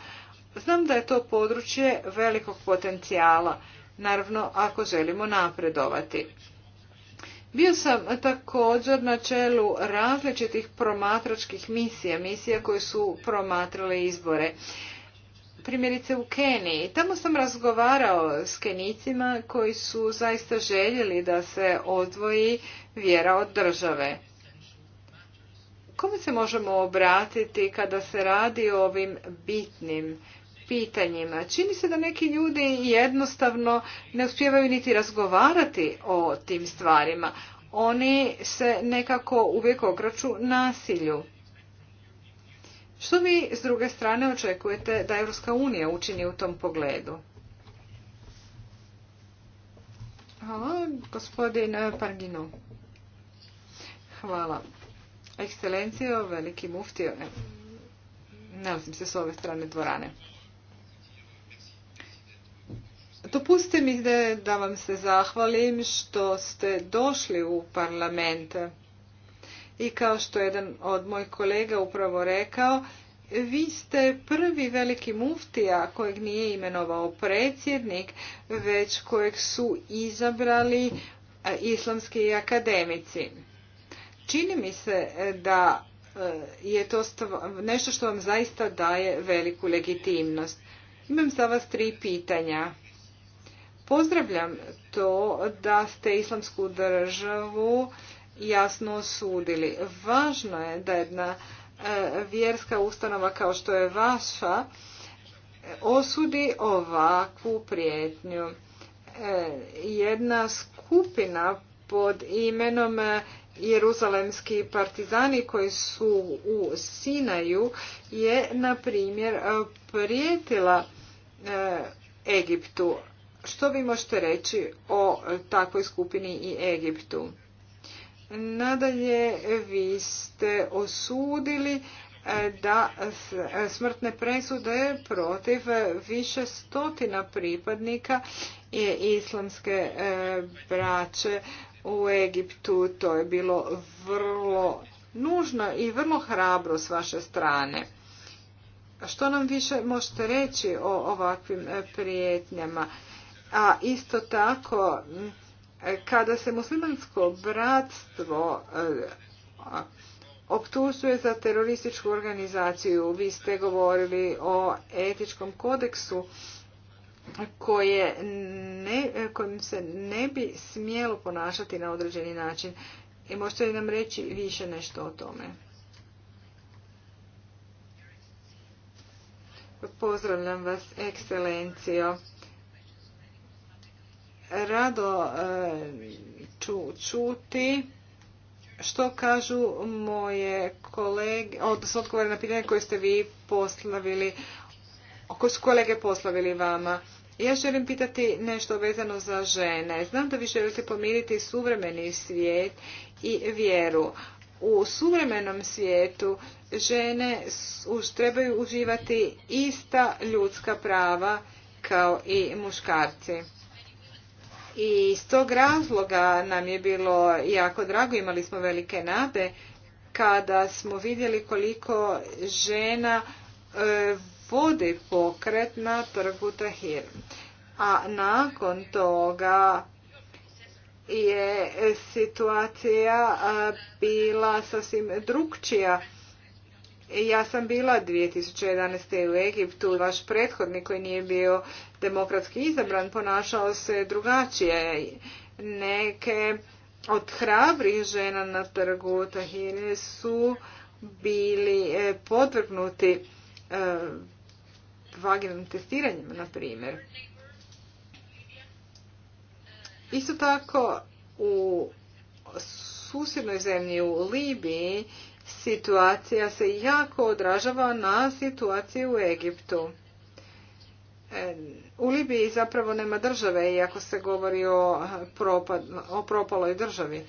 Znam da je to područje velikog potencijala, naravno ako želimo napredovati. Bio sam također na čelu različitih promatračkih misija, misija koje su promatrale izbore primjerice u Keniji. Tamo sam razgovarao s Kenicima koji su zaista željeli da se odvoji vjera od države. Kome se možemo obratiti kada se radi o ovim bitnim pitanjima? Čini se da neki ljudi jednostavno ne uspijevaju niti razgovarati o tim stvarima. Oni se nekako uvijek okraču nasilju. Što vi s druge strane očekujete da Europska unija učini u tom pogledu? Hvala, gospodin eh, Pargino. Hvala. Ekscelencijo, veliki muftio. Eh, Nalazim se s ove strane dvorane. Dopustite mi da vam se zahvalim što ste došli u parlament i kao što je jedan od mojih kolega upravo rekao, vi ste prvi veliki muftija kojeg nije imenovao predsjednik, već kojeg su izabrali e, islamski akademici. Čini mi se e, da e, je to nešto što vam zaista daje veliku legitimnost. Imam za vas tri pitanja. Pozdravljam to da ste islamsku državu jasno osudili. Važno je da jedna e, vjerska ustanova kao što je vaša e, osudi ovakvu prijetnju. E, jedna skupina pod imenom Jeruzalemski partizani koji su u Sinaju je, na primjer, prijetila Egiptu. Što vi možete reći o takvoj skupini i Egiptu? Nadalje, vi ste osudili e, da e, smrtne presude protiv više stotina pripadnika islamske e, braće u Egiptu. To je bilo vrlo nužno i vrlo hrabro s vaše strane. Što nam više možete reći o ovakvim prijetnjama? A isto tako, kada se muslimansko bratstvo eh, optužuje za terorističku organizaciju, vi ste govorili o etičkom kodeksu koje kojim se ne bi smjelo ponašati na određeni način. I možete li nam reći više nešto o tome? Pozdravljam vas, ekscelencijo. Rado e, ću čuti što kažu moje kolege, odnosno odgovore na pitanje koje ste vi poslavili, koje su kolege poslavili vama. Ja želim pitati nešto vezano za žene. Znam da vi želite pomiriti suvremeni svijet i vjeru. U suvremenom svijetu žene trebaju uživati ista ljudska prava kao i muškarci. I iz tog razloga nam je bilo jako drago, imali smo velike nade kada smo vidjeli koliko žena e, vode pokret na trgu Tahir. A nakon toga je situacija bila sasvim drugčija ja sam bila 2011. u Egiptu, vaš prethodnik koji nije bio demokratski izabran ponašao se drugačije. Neke od hrabrih žena na trgu Tahire su bili e, podvrgnuti e, vaginalnim testiranjima, na primjer. Isto tako u susjednoj zemlji u Libiji situacija se jako odražava na situaciju u Egiptu. E, u Libiji zapravo nema države, iako se govori o, propad, o propaloj državi.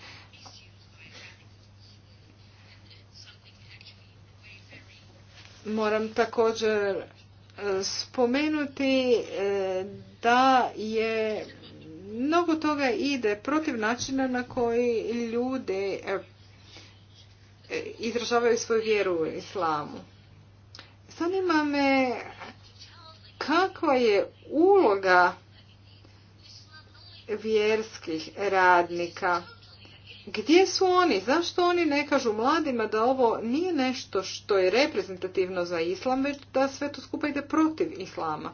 Moram također e, spomenuti e, da je mnogo toga ide protiv načina na koji ljudi izražavaju svoju vjeru u islamu. Zanima me kakva je uloga vjerskih radnika. Gdje su oni? Zašto oni ne kažu mladima da ovo nije nešto što je reprezentativno za islam, već da sve to skupa ide protiv islama?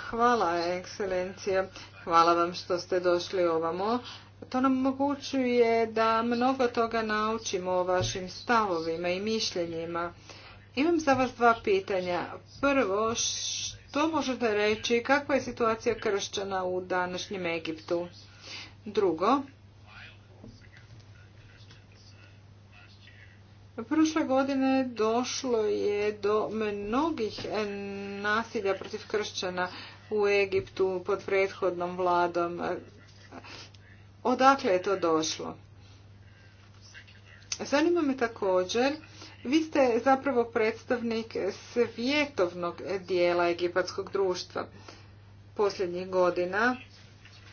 Hvala, ekscelencija. Hvala vam što ste došli ovamo. To nam omogućuje da mnogo toga naučimo o vašim stavovima i mišljenjima. Imam za vas dva pitanja. Prvo, što možete reći kakva je situacija kršćana u današnjem Egiptu? Drugo, Prošle godine došlo je do mnogih nasilja protiv kršćana u Egiptu pod prethodnom vladom. Odakle je to došlo? Zanima me također, vi ste zapravo predstavnik svjetovnog dijela egipatskog društva. Posljednjih godina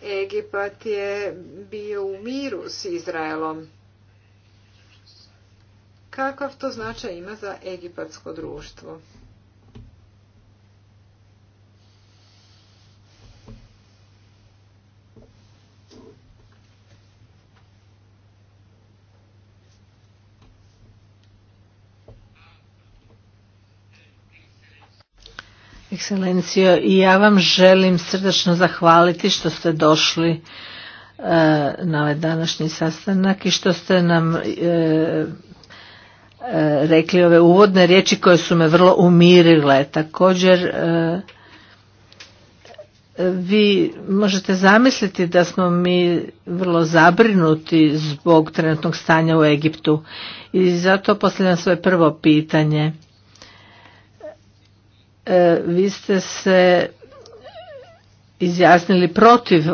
Egipat je bio u miru s Izraelom kakav to značaj ima za egipatsko društvo. Ekscelencijo, i ja vam želim srdačno zahvaliti što ste došli eh, na ovaj današnji sastanak i što ste nam eh, rekli ove uvodne riječi koje su me vrlo umirile. Također e, vi možete zamisliti da smo mi vrlo zabrinuti zbog trenutnog stanja u Egiptu i zato postavljam svoje prvo pitanje. E, vi ste se izjasnili protiv e,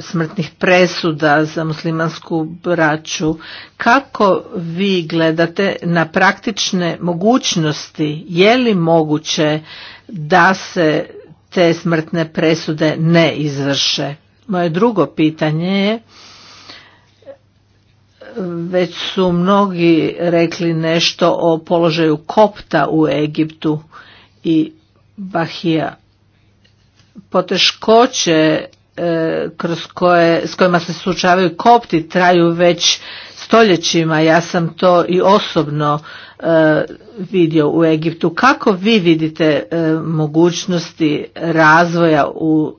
smrtnih presuda za muslimansku braću kako vi gledate na praktične mogućnosti je li moguće da se te smrtne presude ne izvrše moje drugo pitanje je već su mnogi rekli nešto o položaju kopta u Egiptu i Bahija poteškoće e, kroz koje, s kojima se slučavaju kopti traju već stoljećima, ja sam to i osobno e, vidio u Egiptu. Kako vi vidite e, mogućnosti razvoja u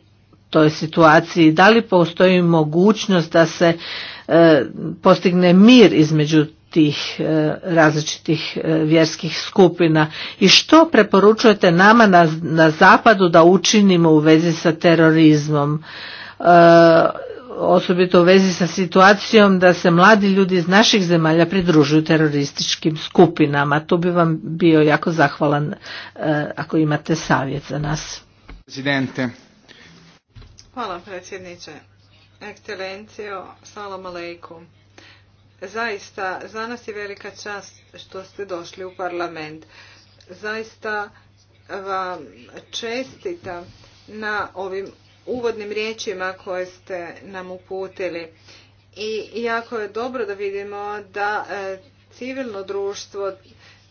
toj situaciji? Da li postoji mogućnost da se postigne mir između tih e, različitih e, vjerskih skupina i što preporučujete nama na, na zapadu da učinimo u vezi sa terorizmom e, osobito u vezi sa situacijom da se mladi ljudi iz naših zemalja pridružuju terorističkim skupinama tu bi vam bio jako zahvalan ako imate savjet za nas prezidente Hvala predsjedniče. Ekscelencijo, salam aleikum. Zaista, za nas je velika čast što ste došli u parlament. Zaista vam čestitam na ovim uvodnim riječima koje ste nam uputili. I jako je dobro da vidimo da e, civilno društvo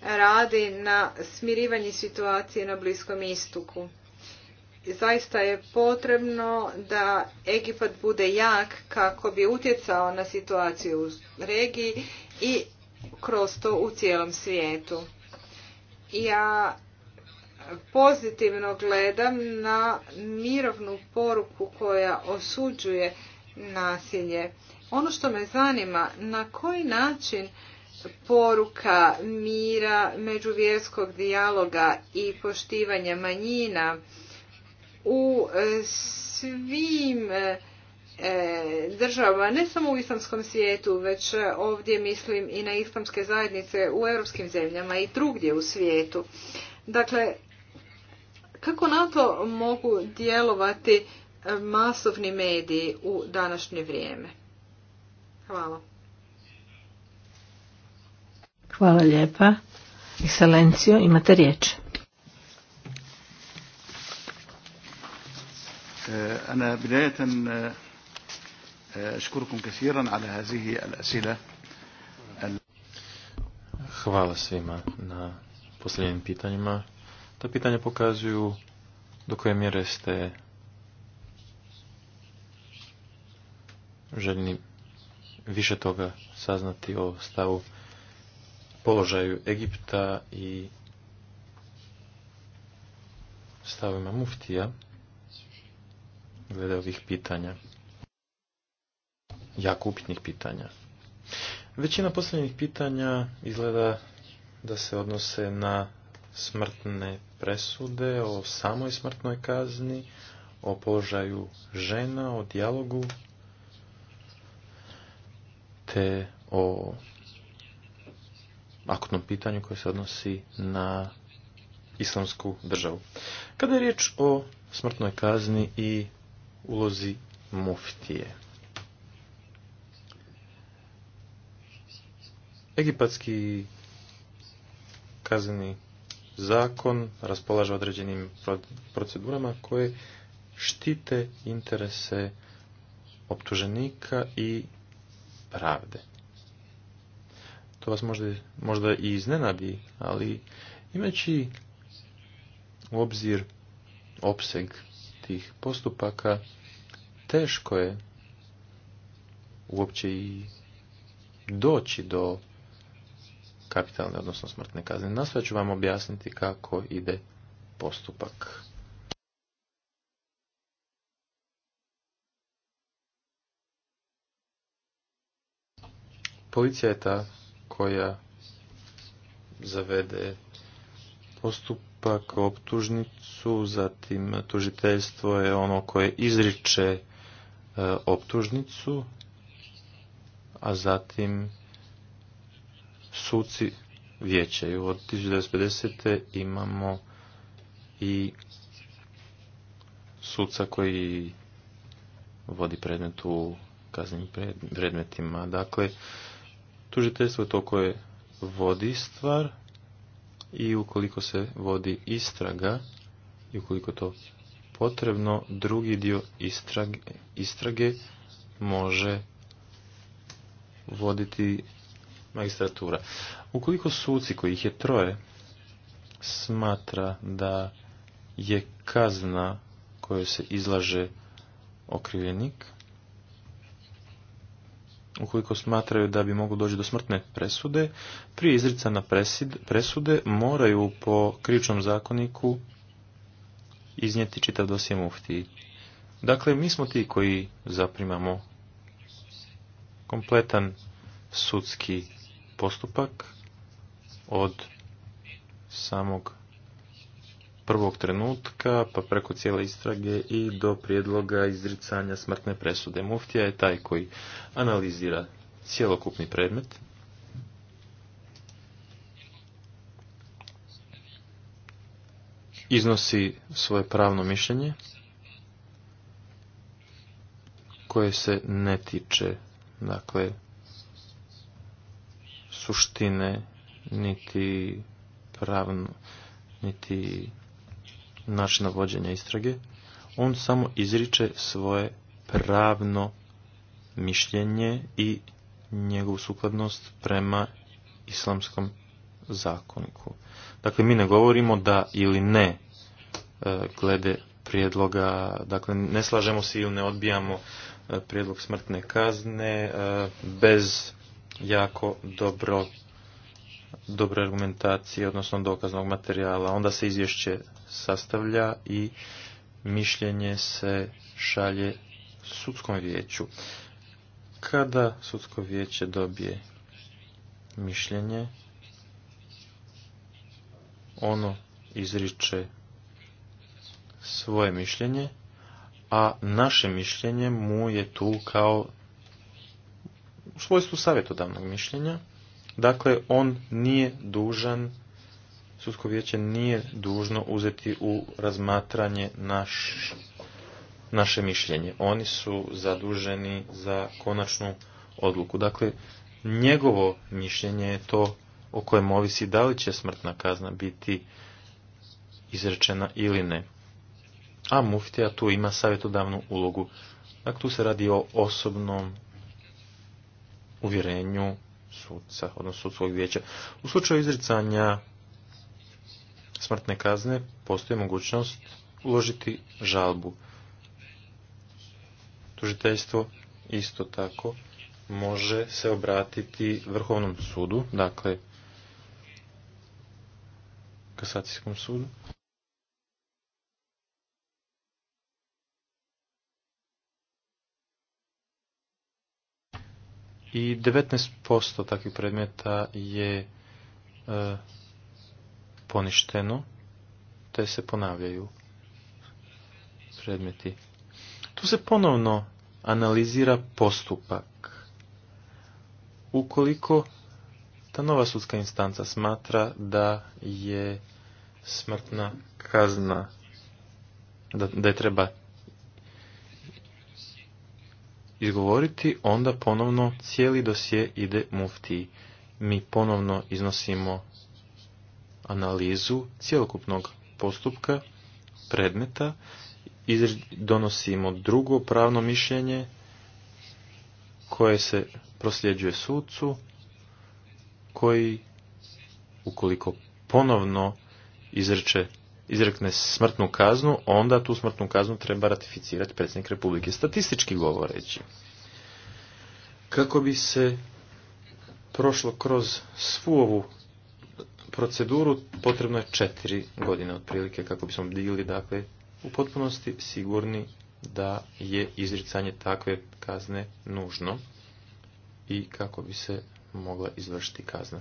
radi na smirivanju situacije na Bliskom istoku zaista je potrebno da Egipat bude jak kako bi utjecao na situaciju u regiji i kroz to u cijelom svijetu. Ja pozitivno gledam na mirovnu poruku koja osuđuje nasilje. Ono što me zanima, na koji način poruka mira, međuvjerskog dijaloga i poštivanja manjina u e, svim e, e, državama, ne samo u islamskom svijetu, već ovdje mislim i na islamske zajednice u europskim zemljama i drugdje u svijetu. Dakle, kako na to mogu djelovati masovni mediji u današnje vrijeme? Hvala. Hvala lijepa. Ekscelencijo, imate riječ. أنا بداية أشكركم كثيرا على هذه الأسئلة Hvala svima na posljednjim pitanjima. Ta pitanja pokazuju do koje mjere ste željni više toga saznati o stavu položaju Egipta i stavima muftija glede ovih pitanja. Jako upitnih pitanja. Većina posljednjih pitanja izgleda da se odnose na smrtne presude, o samoj smrtnoj kazni, o položaju žena, o dijalogu, te o akutnom pitanju koje se odnosi na islamsku državu. Kada je riječ o smrtnoj kazni i ulozi muftije. Egipatski kazneni zakon raspolaže određenim procedurama koje štite interese optuženika i pravde. To vas možda, možda i iznenadi, ali imajući u obzir opseg tih postupaka teško je uopće i doći do kapitalne, odnosno smrtne kazne. Nasve ću vam objasniti kako ide postupak. Policija je ta koja zavede postupak postupak, optužnicu, zatim tužiteljstvo je ono koje izriče e, optužnicu, a zatim suci vijećaju. Od 1950. imamo i suca koji vodi predmet u kaznim predmetima. Dakle, tužiteljstvo je to koje vodi stvar, i ukoliko se vodi istraga i ukoliko to potrebno, drugi dio istrage, istrage može voditi magistratura. Ukoliko suci kojih je troje smatra da je kazna koju se izlaže okrivljenik ukoliko smatraju da bi moglo doći do smrtne presude, prije izricana presude moraju po krivičnom zakoniku iznijeti čitav dosje mufti. Dakle, mi smo ti koji zaprimamo kompletan sudski postupak od samog prvog trenutka, pa preko cijele istrage i do prijedloga izricanja smrtne presude. Muftija je taj koji analizira cjelokupni predmet. Iznosi svoje pravno mišljenje koje se ne tiče dakle suštine niti pravno niti načina vođenja istrage, on samo izriče svoje pravno mišljenje i njegovu sukladnost prema islamskom zakoniku. Dakle, mi ne govorimo da ili ne e, glede prijedloga, dakle ne slažemo se ili ne odbijamo e, prijedlog smrtne kazne e, bez jako dobro dobre argumentacije, odnosno dokaznog materijala. Onda se izvješće sastavlja i mišljenje se šalje sudskom vijeću. Kada sudsko vijeće dobije mišljenje, ono izriče svoje mišljenje, a naše mišljenje mu je tu kao u svojstvu savjetodavnog mišljenja. Dakle, on nije dužan sudsko vijeće nije dužno uzeti u razmatranje naš, naše mišljenje. Oni su zaduženi za konačnu odluku. Dakle, njegovo mišljenje je to o kojem ovisi da li će smrtna kazna biti izrečena ili ne. A muftija tu ima savjetodavnu ulogu. Dakle, tu se radi o osobnom uvjerenju sudca, odnosno sudskog vijeća. U slučaju izricanja smrtne kazne postoji mogućnost uložiti žalbu. Tužiteljstvo isto tako može se obratiti Vrhovnom sudu, dakle kasacijskom sudu. I 19% takvih predmeta je e, poništeno, te se ponavljaju predmeti. Tu se ponovno analizira postupak. Ukoliko ta nova sudska instanca smatra da je smrtna kazna, da, da je treba izgovoriti, onda ponovno cijeli dosje ide muftiji. Mi ponovno iznosimo analizu cjelokupnog postupka predmeta, donosimo drugo pravno mišljenje koje se prosljeđuje sudcu, koji, ukoliko ponovno izreče, izrekne smrtnu kaznu, onda tu smrtnu kaznu treba ratificirati predsjednik Republike. Statistički govoreći, kako bi se prošlo kroz svu ovu proceduru potrebno je četiri godine otprilike kako bismo bili dakle u potpunosti sigurni da je izricanje takve kazne nužno i kako bi se mogla izvršiti kazna.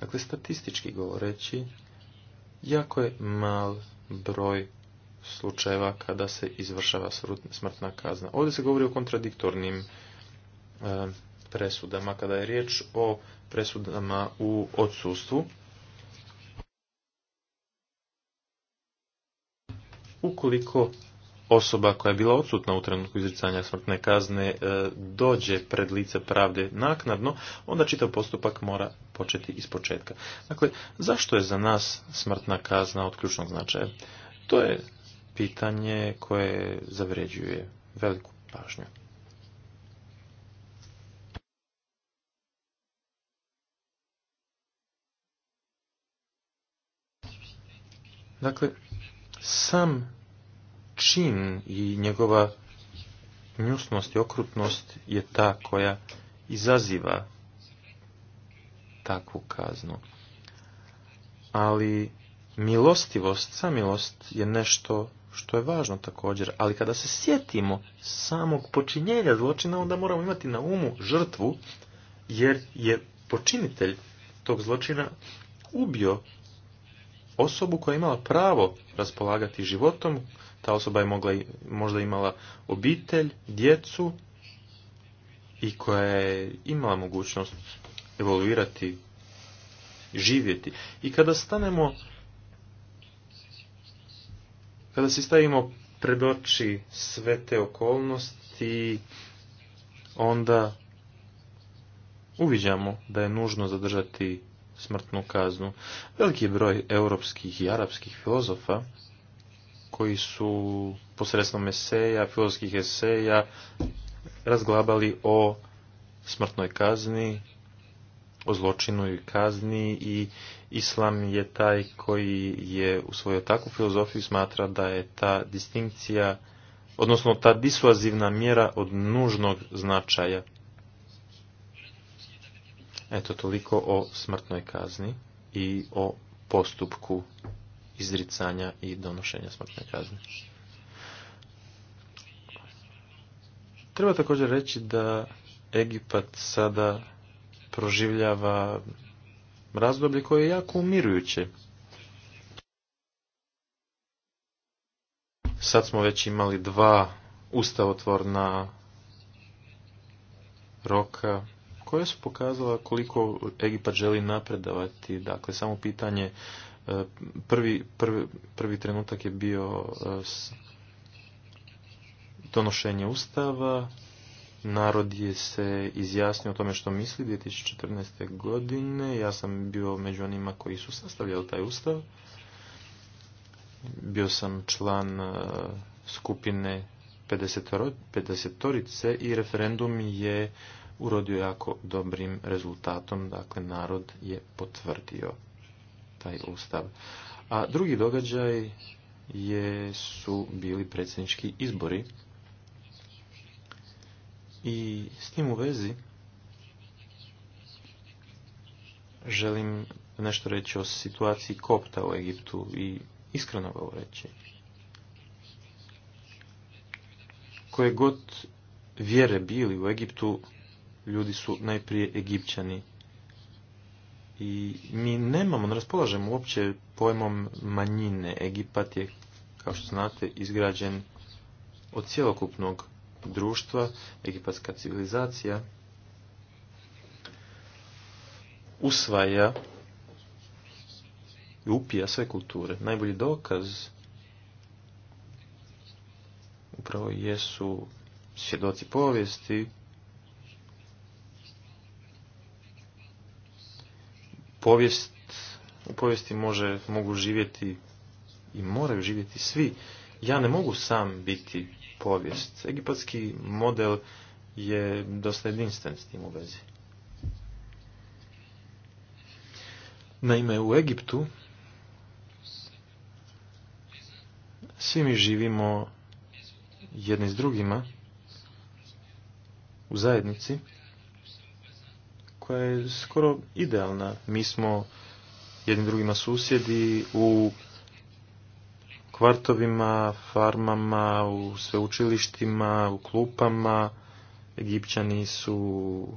Dakle, statistički govoreći, jako je mal broj slučajeva kada se izvršava smrtna kazna. Ovdje se govori o kontradiktornim e, presudama, kada je riječ o presudama u odsustvu, ukoliko osoba koja je bila odsutna u trenutku izricanja smrtne kazne e, dođe pred lice pravde naknadno, onda čitav postupak mora početi iz početka. Dakle, zašto je za nas smrtna kazna od ključnog značaja? To je pitanje koje zavređuje veliku pažnju. Dakle, sam čin i njegova njusnost i okrutnost je ta koja izaziva takvu kaznu. Ali milostivost, samilost je nešto što je važno također, ali kada se sjetimo samog počinjenja zločina, onda moramo imati na umu žrtvu, jer je počinitelj tog zločina ubio osobu koja je imala pravo raspolagati životom, ta osoba je mogla, možda imala obitelj, djecu i koja je imala mogućnost evoluirati, živjeti. I kada stanemo, kada si stavimo pred oči sve te okolnosti, onda uviđamo da je nužno zadržati smrtnu kaznu. Veliki broj europskih i arapskih filozofa koji su posredstvom eseja, filozofskih eseja razglabali o smrtnoj kazni, o zločinu i kazni i islam je taj koji je u svojoj takvu filozofiju smatra da je ta distinkcija, odnosno ta disuazivna mjera od nužnog značaja. Eto, toliko o smrtnoj kazni i o postupku izricanja i donošenja smrtne kazne. Treba također reći da Egipat sada proživljava razdoblje koje je jako umirujuće. Sad smo već imali dva ustavotvorna roka koja su pokazala koliko Egipat želi napredavati. Dakle, samo pitanje, e, prvi, prvi, prvi trenutak je bio e, donošenje ustava, narod je se izjasnio o tome što misli 2014. godine, ja sam bio među onima koji su sastavljali taj ustav, bio sam član e, skupine 50 pedesetorice i referendum je urodio jako dobrim rezultatom, dakle narod je potvrdio taj ustav. A drugi događaj je, su bili predsjednički izbori i s tim u vezi želim nešto reći o situaciji kopta u Egiptu i iskreno ga reći. Koje god vjere bili u Egiptu, ljudi su najprije Egipćani. I mi nemamo, ne raspolažemo uopće pojmom manjine. Egipat je, kao što znate, izgrađen od cjelokupnog društva, egipatska civilizacija usvaja i upija sve kulture. Najbolji dokaz upravo jesu svjedoci povijesti povijest, u povijesti može, mogu živjeti i moraju živjeti svi. Ja ne mogu sam biti povijest. Egipatski model je dosta jedinstven s tim u vezi. Naime, u Egiptu svi mi živimo jedni s drugima u zajednici je skoro idealna. Mi smo jednim drugima susjedi u kvartovima, farmama, u sveučilištima, u klupama. Egipćani su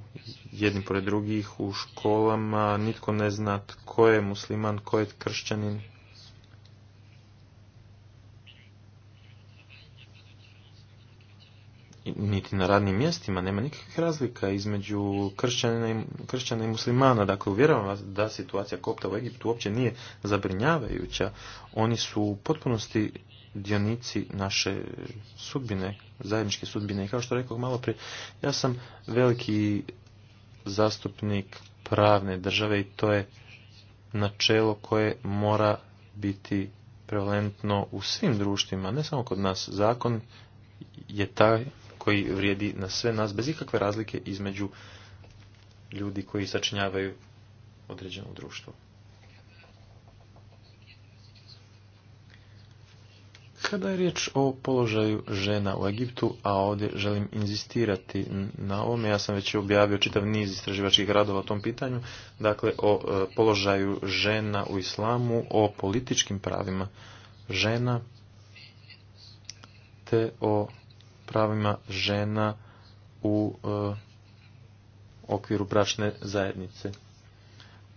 jedni pored drugih u školama, nitko ne zna tko je musliman, tko je kršćanin, niti na radnim mjestima, nema nikakvih razlika između kršćana i, kršćana i muslimana. Dakle, uvjeravam vas da situacija kopta u Egiptu uopće nije zabrinjavajuća. Oni su u potpunosti dionici naše sudbine, zajedničke sudbine. I kao što rekao malo prije, ja sam veliki zastupnik pravne države i to je načelo koje mora biti prevalentno u svim društvima, ne samo kod nas. Zakon je taj koji vrijedi na sve nas bez ikakve razlike između ljudi koji sačinjavaju određeno društvo. Kada je riječ o položaju žena u Egiptu, a ovdje želim inzistirati na ovome, ja sam već objavio čitav niz istraživačkih radova o tom pitanju, dakle o e, položaju žena u islamu, o političkim pravima žena, te o pravima žena u e, okviru bračne zajednice.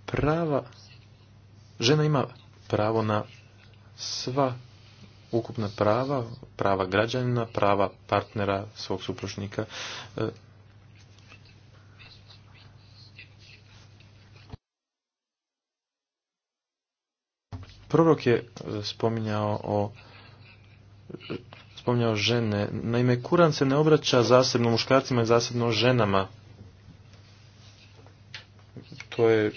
Prava, žena ima pravo na sva ukupna prava, prava građanina, prava partnera svog supružnika. E, Prorok je e, spominjao o spominjao žene. Naime, Kuran se ne obraća zasebno muškarcima i zasebno ženama. To je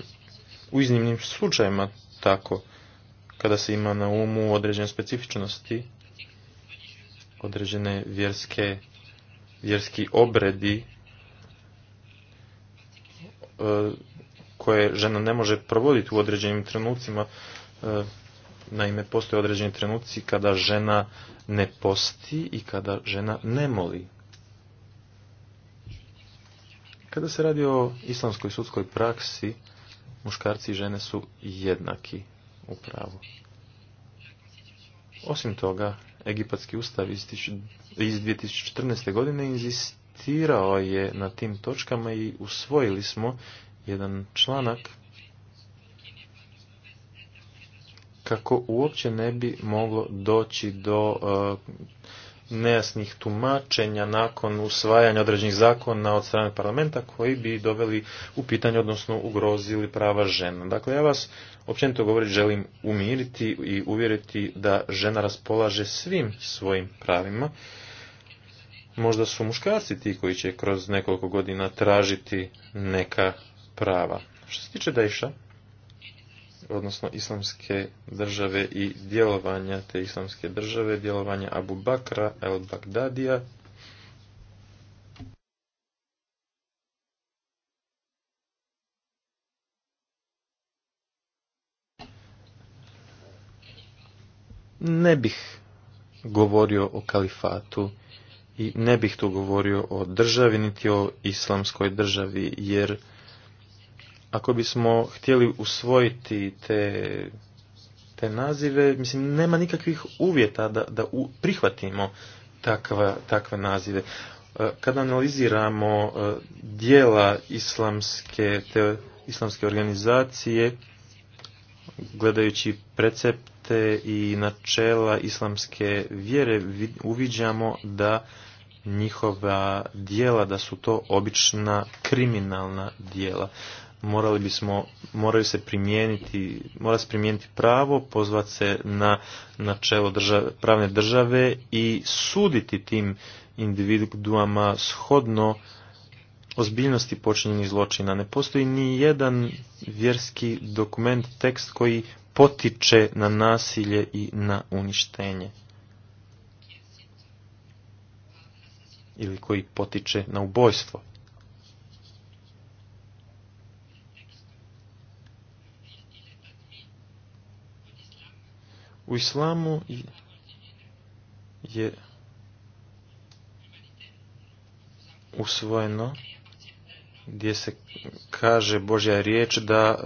u iznimnim slučajima tako, kada se ima na umu određene specifičnosti, određene vjerske, vjerski obredi, e, koje žena ne može provoditi u određenim trenucima e, Naime, postoje određeni trenuci kada žena ne posti i kada žena ne moli. Kada se radi o islamskoj sudskoj praksi, muškarci i žene su jednaki u pravu. Osim toga, Egipatski ustav iz 2014. godine inzistirao je na tim točkama i usvojili smo jedan članak kako uopće ne bi moglo doći do eh, nejasnih tumačenja nakon usvajanja određenih zakona od strane parlamenta koji bi doveli u pitanje, odnosno ugrozili prava žena. Dakle, ja vas općenito govorit, želim umiriti i uvjeriti da žena raspolaže svim svojim pravima. Možda su muškarci ti koji će kroz nekoliko godina tražiti neka prava. Što se tiče Dejša, odnosno islamske države i djelovanja te islamske države, djelovanja Abu Bakra el Bagdadija. Ne bih govorio o kalifatu i ne bih tu govorio o državi niti o islamskoj državi jer ako bismo htjeli usvojiti te, te nazive, mislim, nema nikakvih uvjeta da, da prihvatimo takva, takve nazive. E, Kada analiziramo e, dijela islamske, islamske organizacije, gledajući precepte i načela islamske vjere, uviđamo da njihova dijela, da su to obična kriminalna dijela morali bismo, moraju se primijeniti, mora se primijeniti pravo, pozvat se na načelo države, pravne države i suditi tim individuama shodno ozbiljnosti počinjenih zločina. Ne postoji ni jedan vjerski dokument, tekst koji potiče na nasilje i na uništenje. Ili koji potiče na ubojstvo. U islamu je usvojeno gdje se kaže Božja riječ da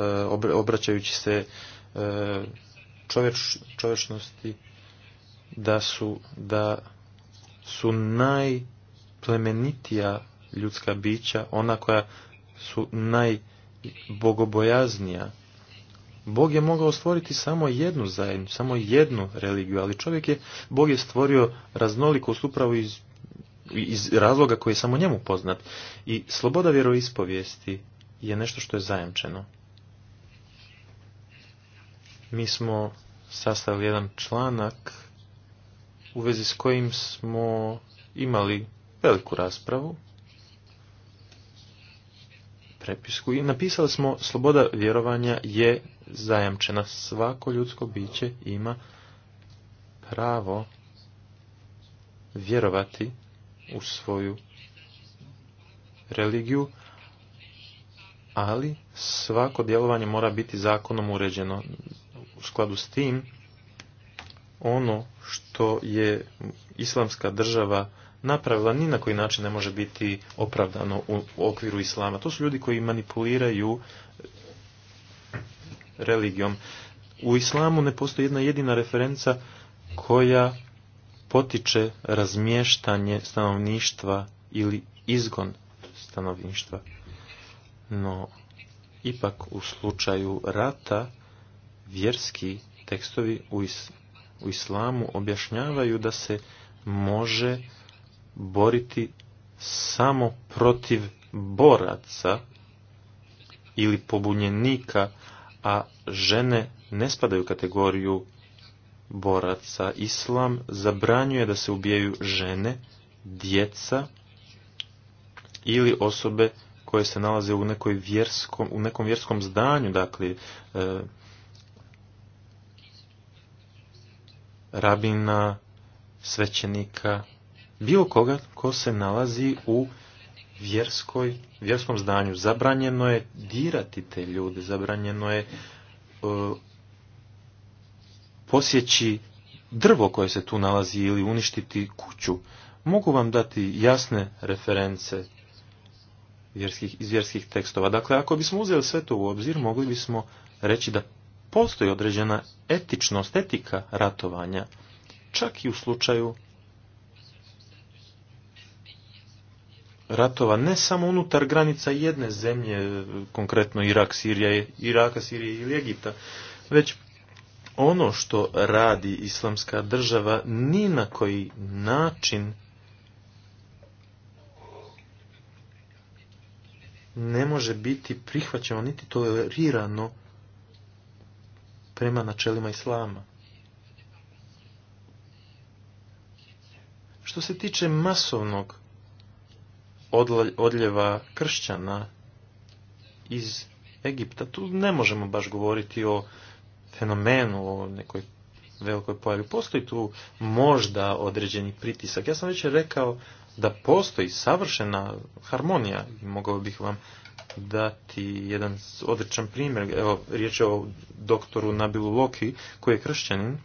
e, obraćajući se e, čovječ, čovječnosti da su, da su najplemenitija ljudska bića, ona koja su najbogobojaznija Bog je mogao stvoriti samo jednu zajednicu, samo jednu religiju, ali čovjek je, Bog je stvorio raznolikost upravo iz, iz razloga koji je samo njemu poznat. I sloboda vjeroispovijesti je nešto što je zajemčeno. Mi smo sastavili jedan članak u vezi s kojim smo imali veliku raspravu prepisku i napisali smo sloboda vjerovanja je zajamčena. Svako ljudsko biće ima pravo vjerovati u svoju religiju, ali svako djelovanje mora biti zakonom uređeno. U skladu s tim, ono što je islamska država napravila ni na koji način ne može biti opravdano u okviru islama. To su ljudi koji manipuliraju religijom. U islamu ne postoji jedna jedina referenca koja potiče razmještanje stanovništva ili izgon stanovništva. No, ipak u slučaju rata vjerski tekstovi u islamu objašnjavaju da se može boriti samo protiv boraca ili pobunjenika, a žene ne spadaju u kategoriju boraca. Islam zabranjuje da se ubijaju žene, djeca ili osobe koje se nalaze u, nekoj vjerskom, u nekom vjerskom zdanju, dakle, e, rabina, svećenika bilo koga ko se nalazi u vjerskoj, vjerskom zdanju. Zabranjeno je dirati te ljude, zabranjeno je e, posjeći drvo koje se tu nalazi ili uništiti kuću. Mogu vam dati jasne reference vjerskih, iz vjerskih tekstova. Dakle, ako bismo uzeli sve to u obzir, mogli bismo reći da postoji određena etičnost, etika ratovanja, čak i u slučaju ratova ne samo unutar granica jedne zemlje, konkretno Irak, Sirija, Iraka, Sirije ili Egipta, već ono što radi islamska država ni na koji način ne može biti prihvaćeno niti tolerirano prema načelima islama. Što se tiče masovnog odljeva kršćana iz Egipta, tu ne možemo baš govoriti o fenomenu, o nekoj velikoj pojavi. Postoji tu možda određeni pritisak. Ja sam već rekao da postoji savršena harmonija i mogao bih vam dati jedan odličan primjer. Evo, riječ je o doktoru Nabilu Loki, koji je kršćanin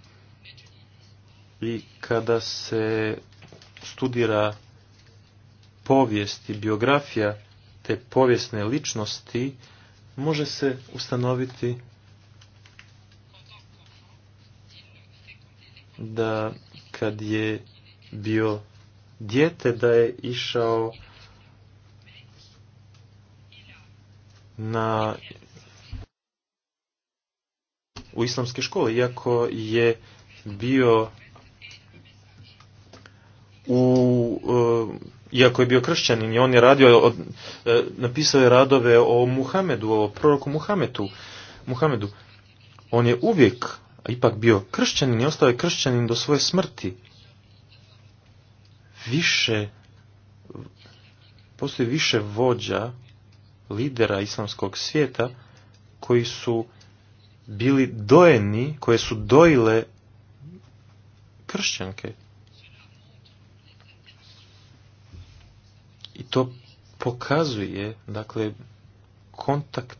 i kada se studira povijesti, i biografija te povijesne ličnosti može se ustanoviti da kad je bio dijete da je išao na u islamske škole, iako je bio u e, iako je bio kršćanin i on je radio, e, napisao je radove o Muhamedu, o proroku Muhamedu. Muhamedu. On je uvijek ipak bio kršćanin i ostao je kršćanin do svoje smrti. Više, postoji više vođa, lidera islamskog svijeta, koji su bili dojeni, koje su dojile kršćanke. I to pokazuje, dakle, kontakt,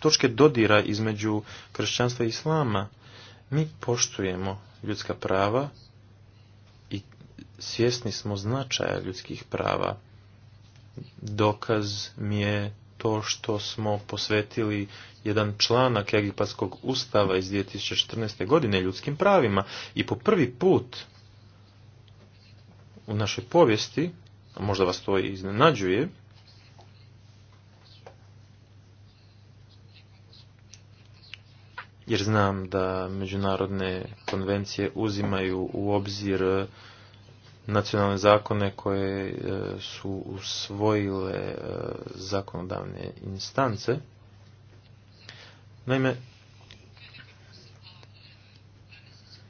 točke dodira između kršćanstva i islama. Mi poštujemo ljudska prava i svjesni smo značaja ljudskih prava. Dokaz mi je to što smo posvetili jedan članak Egipatskog ustava iz 2014. godine ljudskim pravima i po prvi put u našoj povijesti Možda vas to iznenađuje. Jer znam da međunarodne konvencije uzimaju u obzir e, nacionalne zakone koje e, su usvojile e, zakonodavne instance. Naime,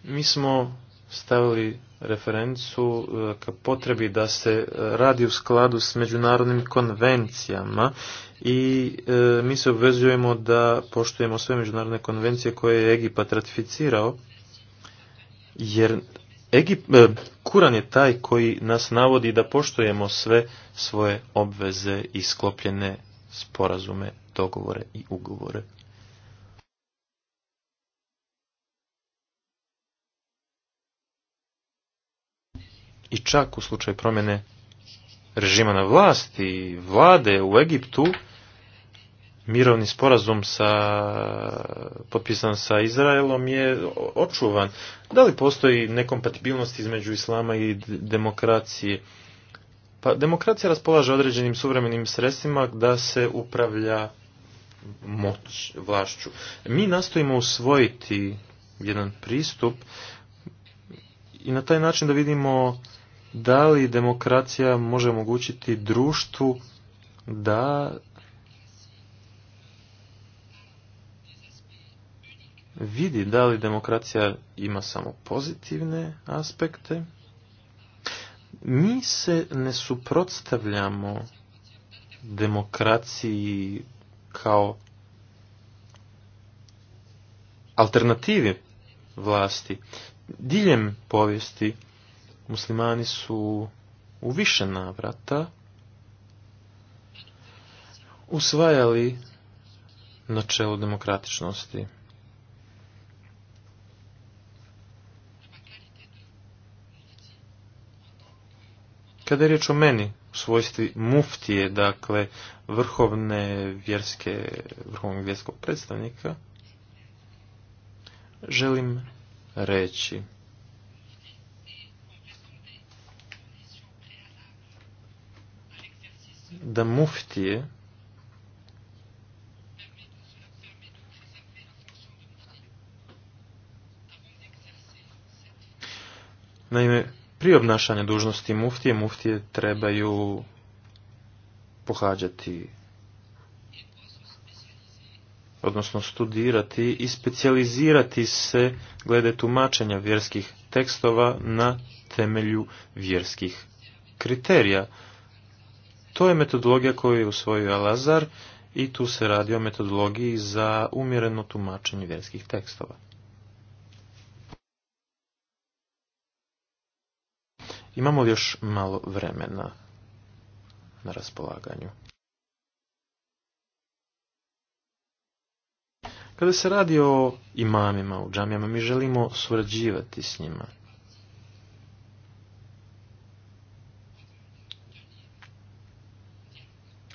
mi smo stavili referencu e, ka potrebi da se e, radi u skladu s međunarodnim konvencijama i e, mi se obvezujemo da poštujemo sve međunarodne konvencije koje je Egipat ratificirao jer Egip, Kuran je taj koji nas navodi da poštujemo sve svoje obveze i sklopljene sporazume, dogovore i ugovore i čak u slučaju promjene režima na vlasti vlade u Egiptu mirovni sporazum sa, potpisan sa Izraelom je očuvan. Da li postoji nekompatibilnost između islama i demokracije? Pa demokracija raspolaže određenim suvremenim sredstvima da se upravlja moć, vlašću. Mi nastojimo usvojiti jedan pristup i na taj način da vidimo da li demokracija može omogućiti društvu da vidi da li demokracija ima samo pozitivne aspekte. Mi se ne suprotstavljamo demokraciji kao alternativi vlasti diljem povijesti muslimani su u više navrata usvajali načelo demokratičnosti. Kada je riječ o meni, u svojstvi muftije, dakle, vrhovne vjerske, vrhovnog vjerskog predstavnika, želim reći. Da muftije Naime, prije obnašanja dužnosti muftije, muftije trebaju pohađati odnosno studirati i specijalizirati se glede tumačenja vjerskih tekstova na temelju vjerskih kriterija. To je metodologija koju je usvojio Alazar i tu se radi o metodologiji za umjereno tumačenje vjerskih tekstova. Imamo još malo vremena na raspolaganju? Kada se radi o imamima u džamijama, mi želimo surađivati s njima.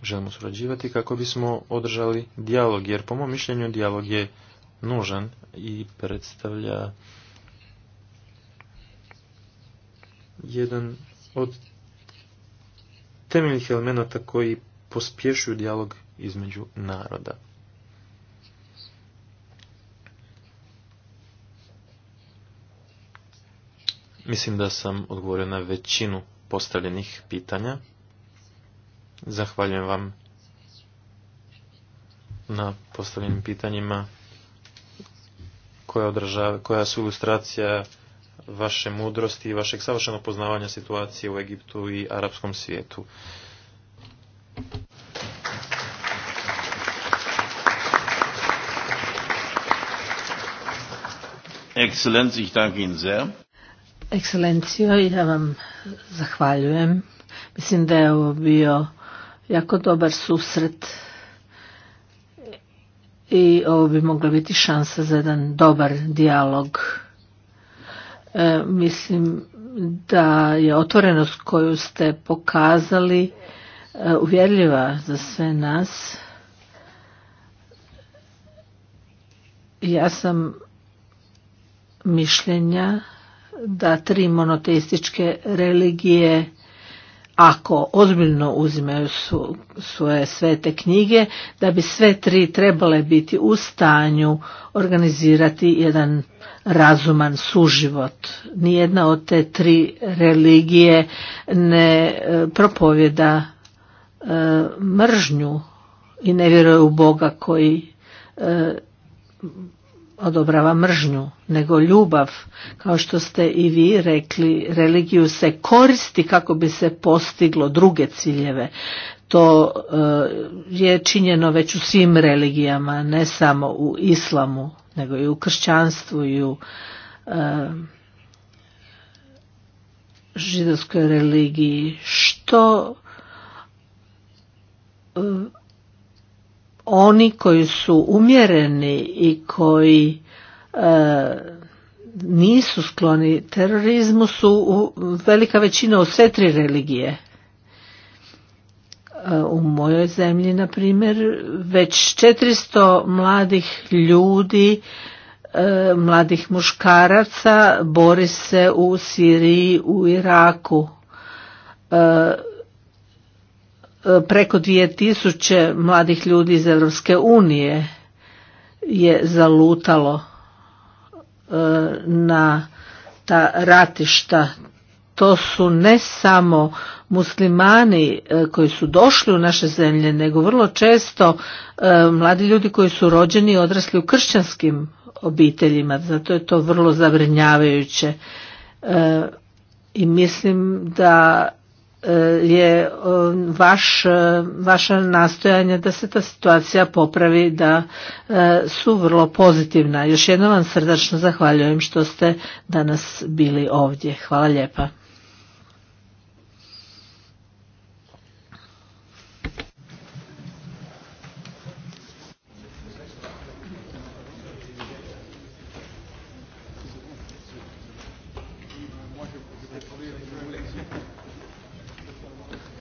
Želimo surađivati kako bismo održali dijalog, jer po mom mišljenju dijalog je nužan i predstavlja jedan od temeljnih elemenata koji pospješuju dijalog između naroda. Mislim da sam odgovorio na većinu postavljenih pitanja. Zahvaljujem vam na postavljenim pitanjima koja, koja su ilustracija vaše mudrosti i vašeg savršenog poznavanja situacije u Egiptu i arapskom svijetu. Excellenz, ich danke Ihnen sehr. Ekscelencijo, ja vam zahvaljujem. Mislim da je ovo bio jako dobar susret i ovo bi mogla biti šansa za jedan dobar dijalog. E, mislim da je otvorenost koju ste pokazali e, uvjerljiva za sve nas. Ja sam mišljenja da tri monoteističke religije ako ozbiljno uzimaju su, svoje svete knjige, da bi sve tri trebale biti u stanju organizirati jedan razuman suživot. Nijedna od te tri religije ne e, propovjeda e, mržnju i ne vjeruje u Boga koji e, odobrava mržnju, nego ljubav, kao što ste i vi rekli, religiju se koristi kako bi se postiglo druge ciljeve. To eh, je činjeno već u svim religijama, ne samo u islamu, nego i u kršćanstvu i u eh, židovskoj religiji. Što eh, oni koji su umjereni i koji e, nisu skloni terorizmu su u, velika većina u sve tri religije. E, u mojoj zemlji, na primjer, već 400 mladih ljudi, e, mladih muškaraca bori se u Siriji, u Iraku preko 2000 mladih ljudi iz Europske unije je zalutalo e, na ta ratišta. To su ne samo muslimani e, koji su došli u naše zemlje, nego vrlo često e, mladi ljudi koji su rođeni i odrasli u kršćanskim obiteljima. Zato je to vrlo zabrinjavajuće. I mislim da je um, vaš, uh, vaše nastojanje da se ta situacija popravi da uh, su vrlo pozitivna. Još jednom vam srdačno zahvaljujem što ste danas bili ovdje. Hvala lijepa.